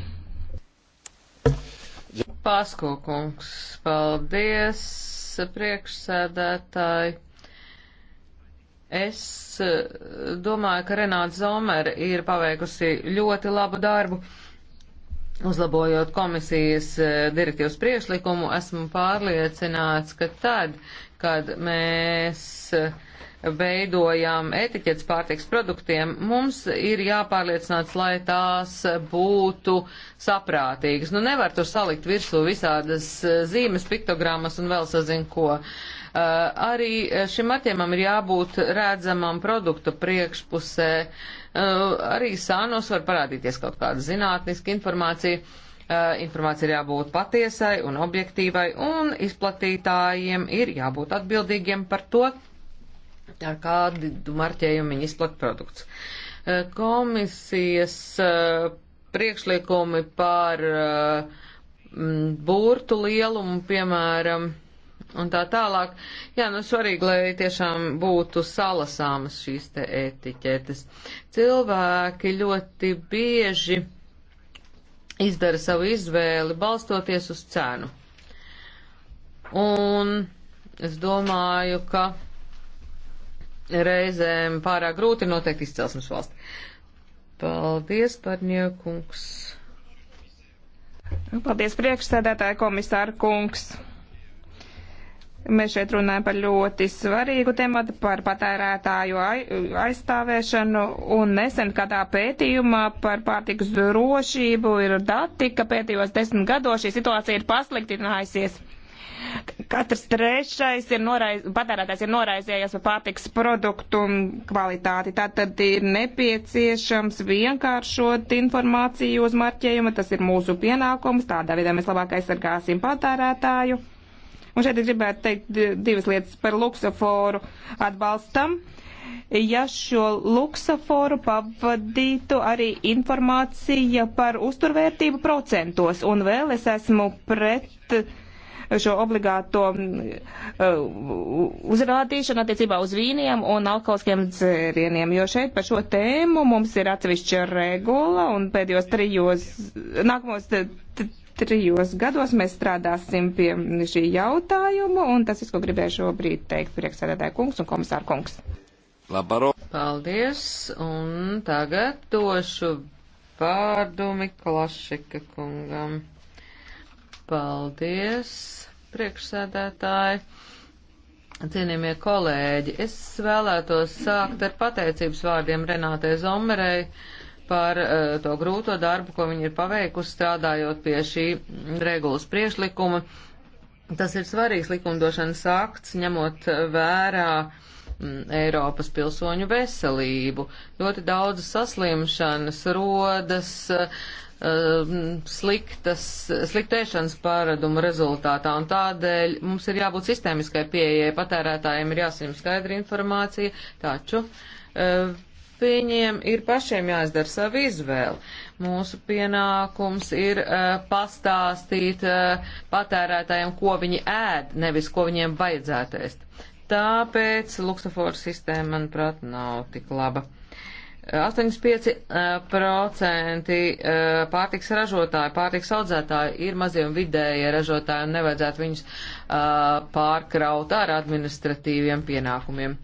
Paskokungs, paldies, priekšsēdētāji. Es eh, domāju, ka Renāta Zomera ir paveikusi ļoti labu darbu. Uzlabojot komisijas eh, direktīvas priešlikumu, esmu pārliecināts, ka tad, kad mēs uh, veidojam etiķetes pārtiks produktiem, mums ir jāpārliecināts, lai tās būtu saprātīgas. Nu, nevar tur salikt virsū visādas eh, zīmes, piktogrammas un vēl sazin ko. Uh, arī eh, šim attēmam ir jābūt redzamam produktu priekšpusē. Uh, arī sānos var parādīties kaut kāda zinātniska informācija. Uh, informācija ir jābūt patiesai un objektīvai, un izplatītājiem ir jābūt atbildīgiem par to, uh, kā marķējumi un izplaktprodukts. Eh, komisijas eh, priekšlikumi par eh, burtu lielumu, piemēram, un tā tālāk. Jā, nu svarīgi, lai tiešām būtu salasāmas šīs te etiķetes. Cilvēki ļoti bieži izdara savu izvēli balstoties uz cenu. Un es domāju, ka reizēm pārāk grūti noteikt izcelsmes valsts. Paldies, Parņiekungs. Nu, paldies, priekšsēdētāja komisāra kungs. Mēs šeit runājam par ļoti svarīgu tematu, par patērētāju aizstāvēšanu, un nesen kādā pētījumā par pārtikas drošību ir dati, ka pēdējos desmit gados šī situācija ir pasliktinājusies. Katrs trešais ir noraiz, patērētājs ir noraizējies par pārtiks produktu kvalitāti. Tātad ir nepieciešams vienkāršot informāciju uz marķējumu. Tas ir mūsu pienākums. Tādā veidā mēs labāk aizsargāsim patērētāju. Un šeit es gribētu teikt divas lietas par luksoforu atbalstam ja šo luksaforu pavadītu arī informācija par uzturvērtību procentos. Un vēl es esmu pret šo obligāto mm, uh, uzrādīšanu attiecībā uz vīniem un alkoholiskiem dzērieniem, jo šeit par šo tēmu mums ir atsevišķa regula un pēdējos trijos, nākamos trijos gados mēs strādāsim pie šī jautājuma, un tas ir, ko gribēju šobrīd teikt priekšsēdētāja kungs un komisāra kungs. Labaro. Paldies, un tagad došu vārdu Miklašika kungam. Paldies, priekšsēdētāji. Cienījamie kolēģi, es vēlētos sākt ar pateicības vārdiem Renātei Zomerei par uh, to grūto darbu, ko viņa ir paveikusi strādājot pie šī regulas priešlikuma. Tas ir svarīgs likumdošanas akts, ņemot vērā mm, Eiropas pilsoņu veselību. Ļoti daudz saslimšanas rodas. Uh, Um, sliktas, sliktu ēšanas pāredumu rezultātā, un tādēļ mums ir jābūt sistēmiskai pieejai, patērētājiem ir jāsaņem skaidra informācija, taču uh, viņiem ir pašiem jāizdara savu izvēli. Mūsu pienākums ir uh, pastāstīt uh, patērētājiem, ko viņi ēd, nevis ko viņiem vajadzētu ēst. Tāpēc Luksafora sistēma, manuprāt, nav tik laba. 85% eh, eh, pārtiks ražotāji, pārtiks audzētāji ir mazie un vidējie ražotāji un nevajadzētu viņus eh, pārkraut ar administratīviem pienākumiem.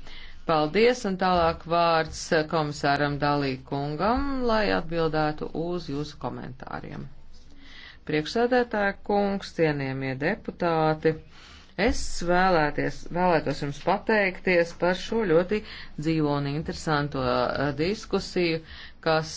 Paldies un tālāk vārds komisāram Dalī kungam, lai atbildētu uz jūsu komentāriem. Priekšsēdētāja kungs, cienījamie deputāti. Es vēlēties, vēlētos jums pateikties par šo ļoti dzīvo un interesanto eh, diskusiju, kas,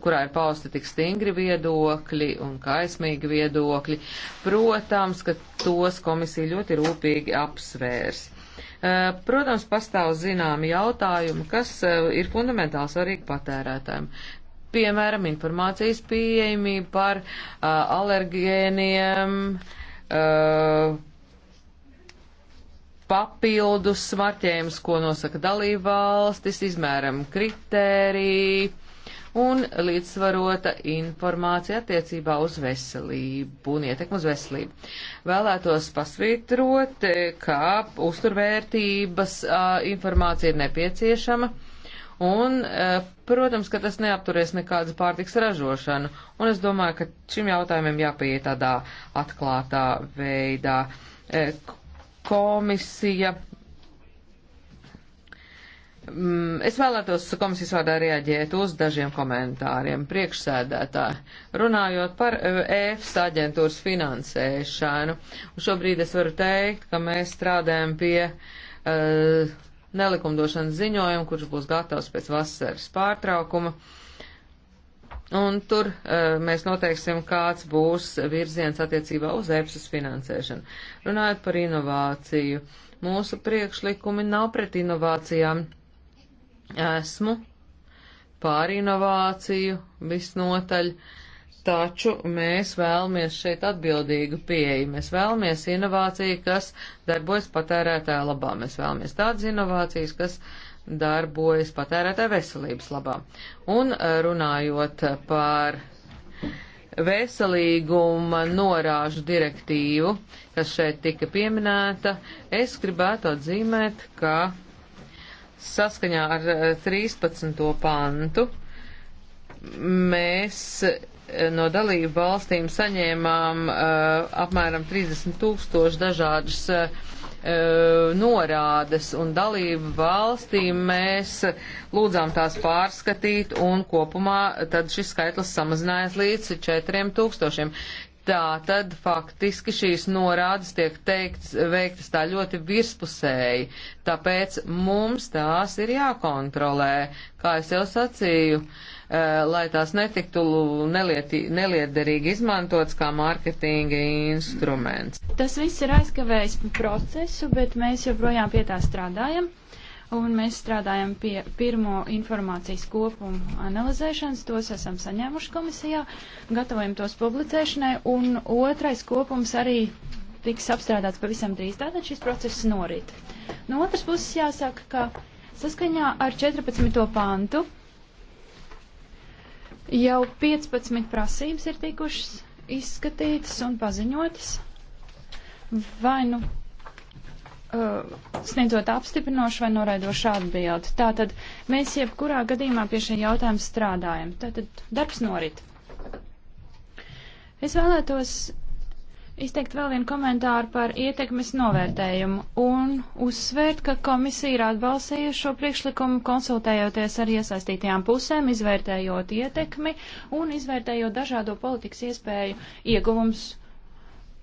kurā ir pausti tik stingri viedokļi un kaismīgi viedokļi. Protams, ka tos komisija ļoti rūpīgi apsvērs. Eh, protams, pastāv zināmi jautājumi, kas eh, ir fundamentāli svarīgi patērētājiem. Piemēram, informācijas pieejamība par uh, alergēniem, uh, papildus marķējums, ko nosaka dalībvalstis, izmēram kritēriju un līdzsvarota informācija attiecībā uz veselību un ietekmu uz veselību. Vēlētos pasvītrot, ka uzturvērtības informācija ir nepieciešama. Un, protams, ka tas neapturēs nekādas pārtiks ražošanu, un es domāju, ka šim jautājumam jāpieiet tādā atklātā veidā komisija. Mm, es vēlētos komisijas vārdā reaģēt uz dažiem komentāriem priekšsēdētāji, runājot par eh, EFS aģentūras finansēšanu. Un šobrīd es varu teikt, ka mēs strādājam pie uh, nelikumdošanas ziņojuma, kurš būs gatavs pēc vasaras pārtraukuma. Uh, Un tur uh, mēs noteiksim, kāds būs virziens attiecībā uz EPSUS finansēšanu. Runājot par inovāciju, mūsu priekšlikumi nav pret inovācijām. Esmu pār inovāciju visnotaļ, taču mēs vēlamies šeit atbildīgu pieeju. Mēs vēlamies inovāciju, kas darbojas patērētāja labā. Mēs vēlamies tādas inovācijas, kas uh, darbojas patērētāja veselības labā. Un e, runājot par veselīguma norāžu direktīvu, kas šeit tika pieminēta, es gribētu atzīmēt, ka saskaņā ar 13. E, pantu mēs e, no dalību valstīm saņēmām uh, apmēram 30 tūkstoši dažādas uh, E, norādes un dalību valstīm mēs lūdzām tās pārskatīt un kopumā tad šis skaitlis samazinājās līdz 4000. Tā tad faktiski šīs norādes tiek teikts, veiktas tā ļoti virspusēji, tāpēc mums tās ir jākontrolē, kā es jau sacīju. Uh, Eh, lai tās netiktu nelieti, neliederīgi izmantotas kā mārketinga instruments. Tas viss ir aizkavējis procesu, bet mēs joprojām pie tā strādājam. Un mēs strādājam pie pirmo informācijas kopumu analizēšanas, tos esam saņēmuši komisijā, gatavojam tos publicēšanai, un otrais kopums arī tiks apstrādāts pavisam drīz, tātad šis process norit. No otras puses jāsaka, ka saskaņā ar 14. pantu Jau 15 prasības ir tikušas izskatītas un paziņotas. Vai nu uh, sniedzot apstiprinošu vai noraidošu atbildi. Tātad mēs jebkurā gadījumā pie šī jautājuma strādājam. Tātad darbs norit. Es vēlētos izteikt vēl vienu komentāru par ietekmes novērtējumu un uzsvērt, ka komisija ir atbalstījusi šo priekšlikumu, konsultējoties ar iesaistītajām pusēm, izvērtējot ietekmi un izvērtējot dažādo politikas iespēju ieguvums.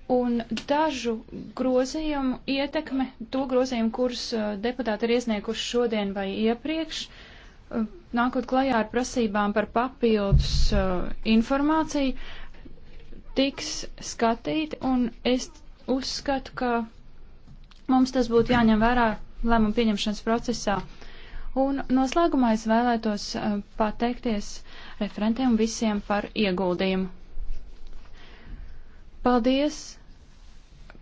Un dažu grozījumu ietekme, to grozījumu, kurus uh, deputāti ir iesnieguši šodien vai iepriekš, uh, nākot klajā ar prasībām par papildus uh, informāciju, tiks skatīti, un es uzskatu, ka mums tas būtu jāņem vērā lēmumu pieņemšanas procesā. Un noslēgumā es vēlētos uh, pateikties referentiem visiem par ieguldījumu. Paldies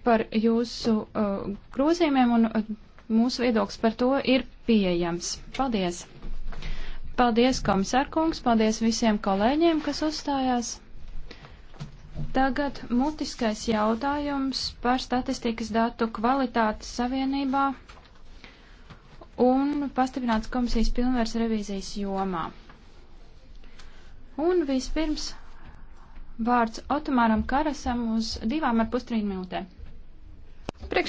par jūsu uh, grozījumiem un uh, mūsu viedoklis par to ir pieejams. Paldies! Paldies, komisārkungs, paldies visiem kolēģiem, kas uzstājās! Tagad mutiskais jautājums par statistikas datu kvalitātes savienībā un pastiprināts komisijas pilnvērs revīzijas jomā. Un vispirms vārds Otomāram Karasam uz divām ar pustrīm minūtēm.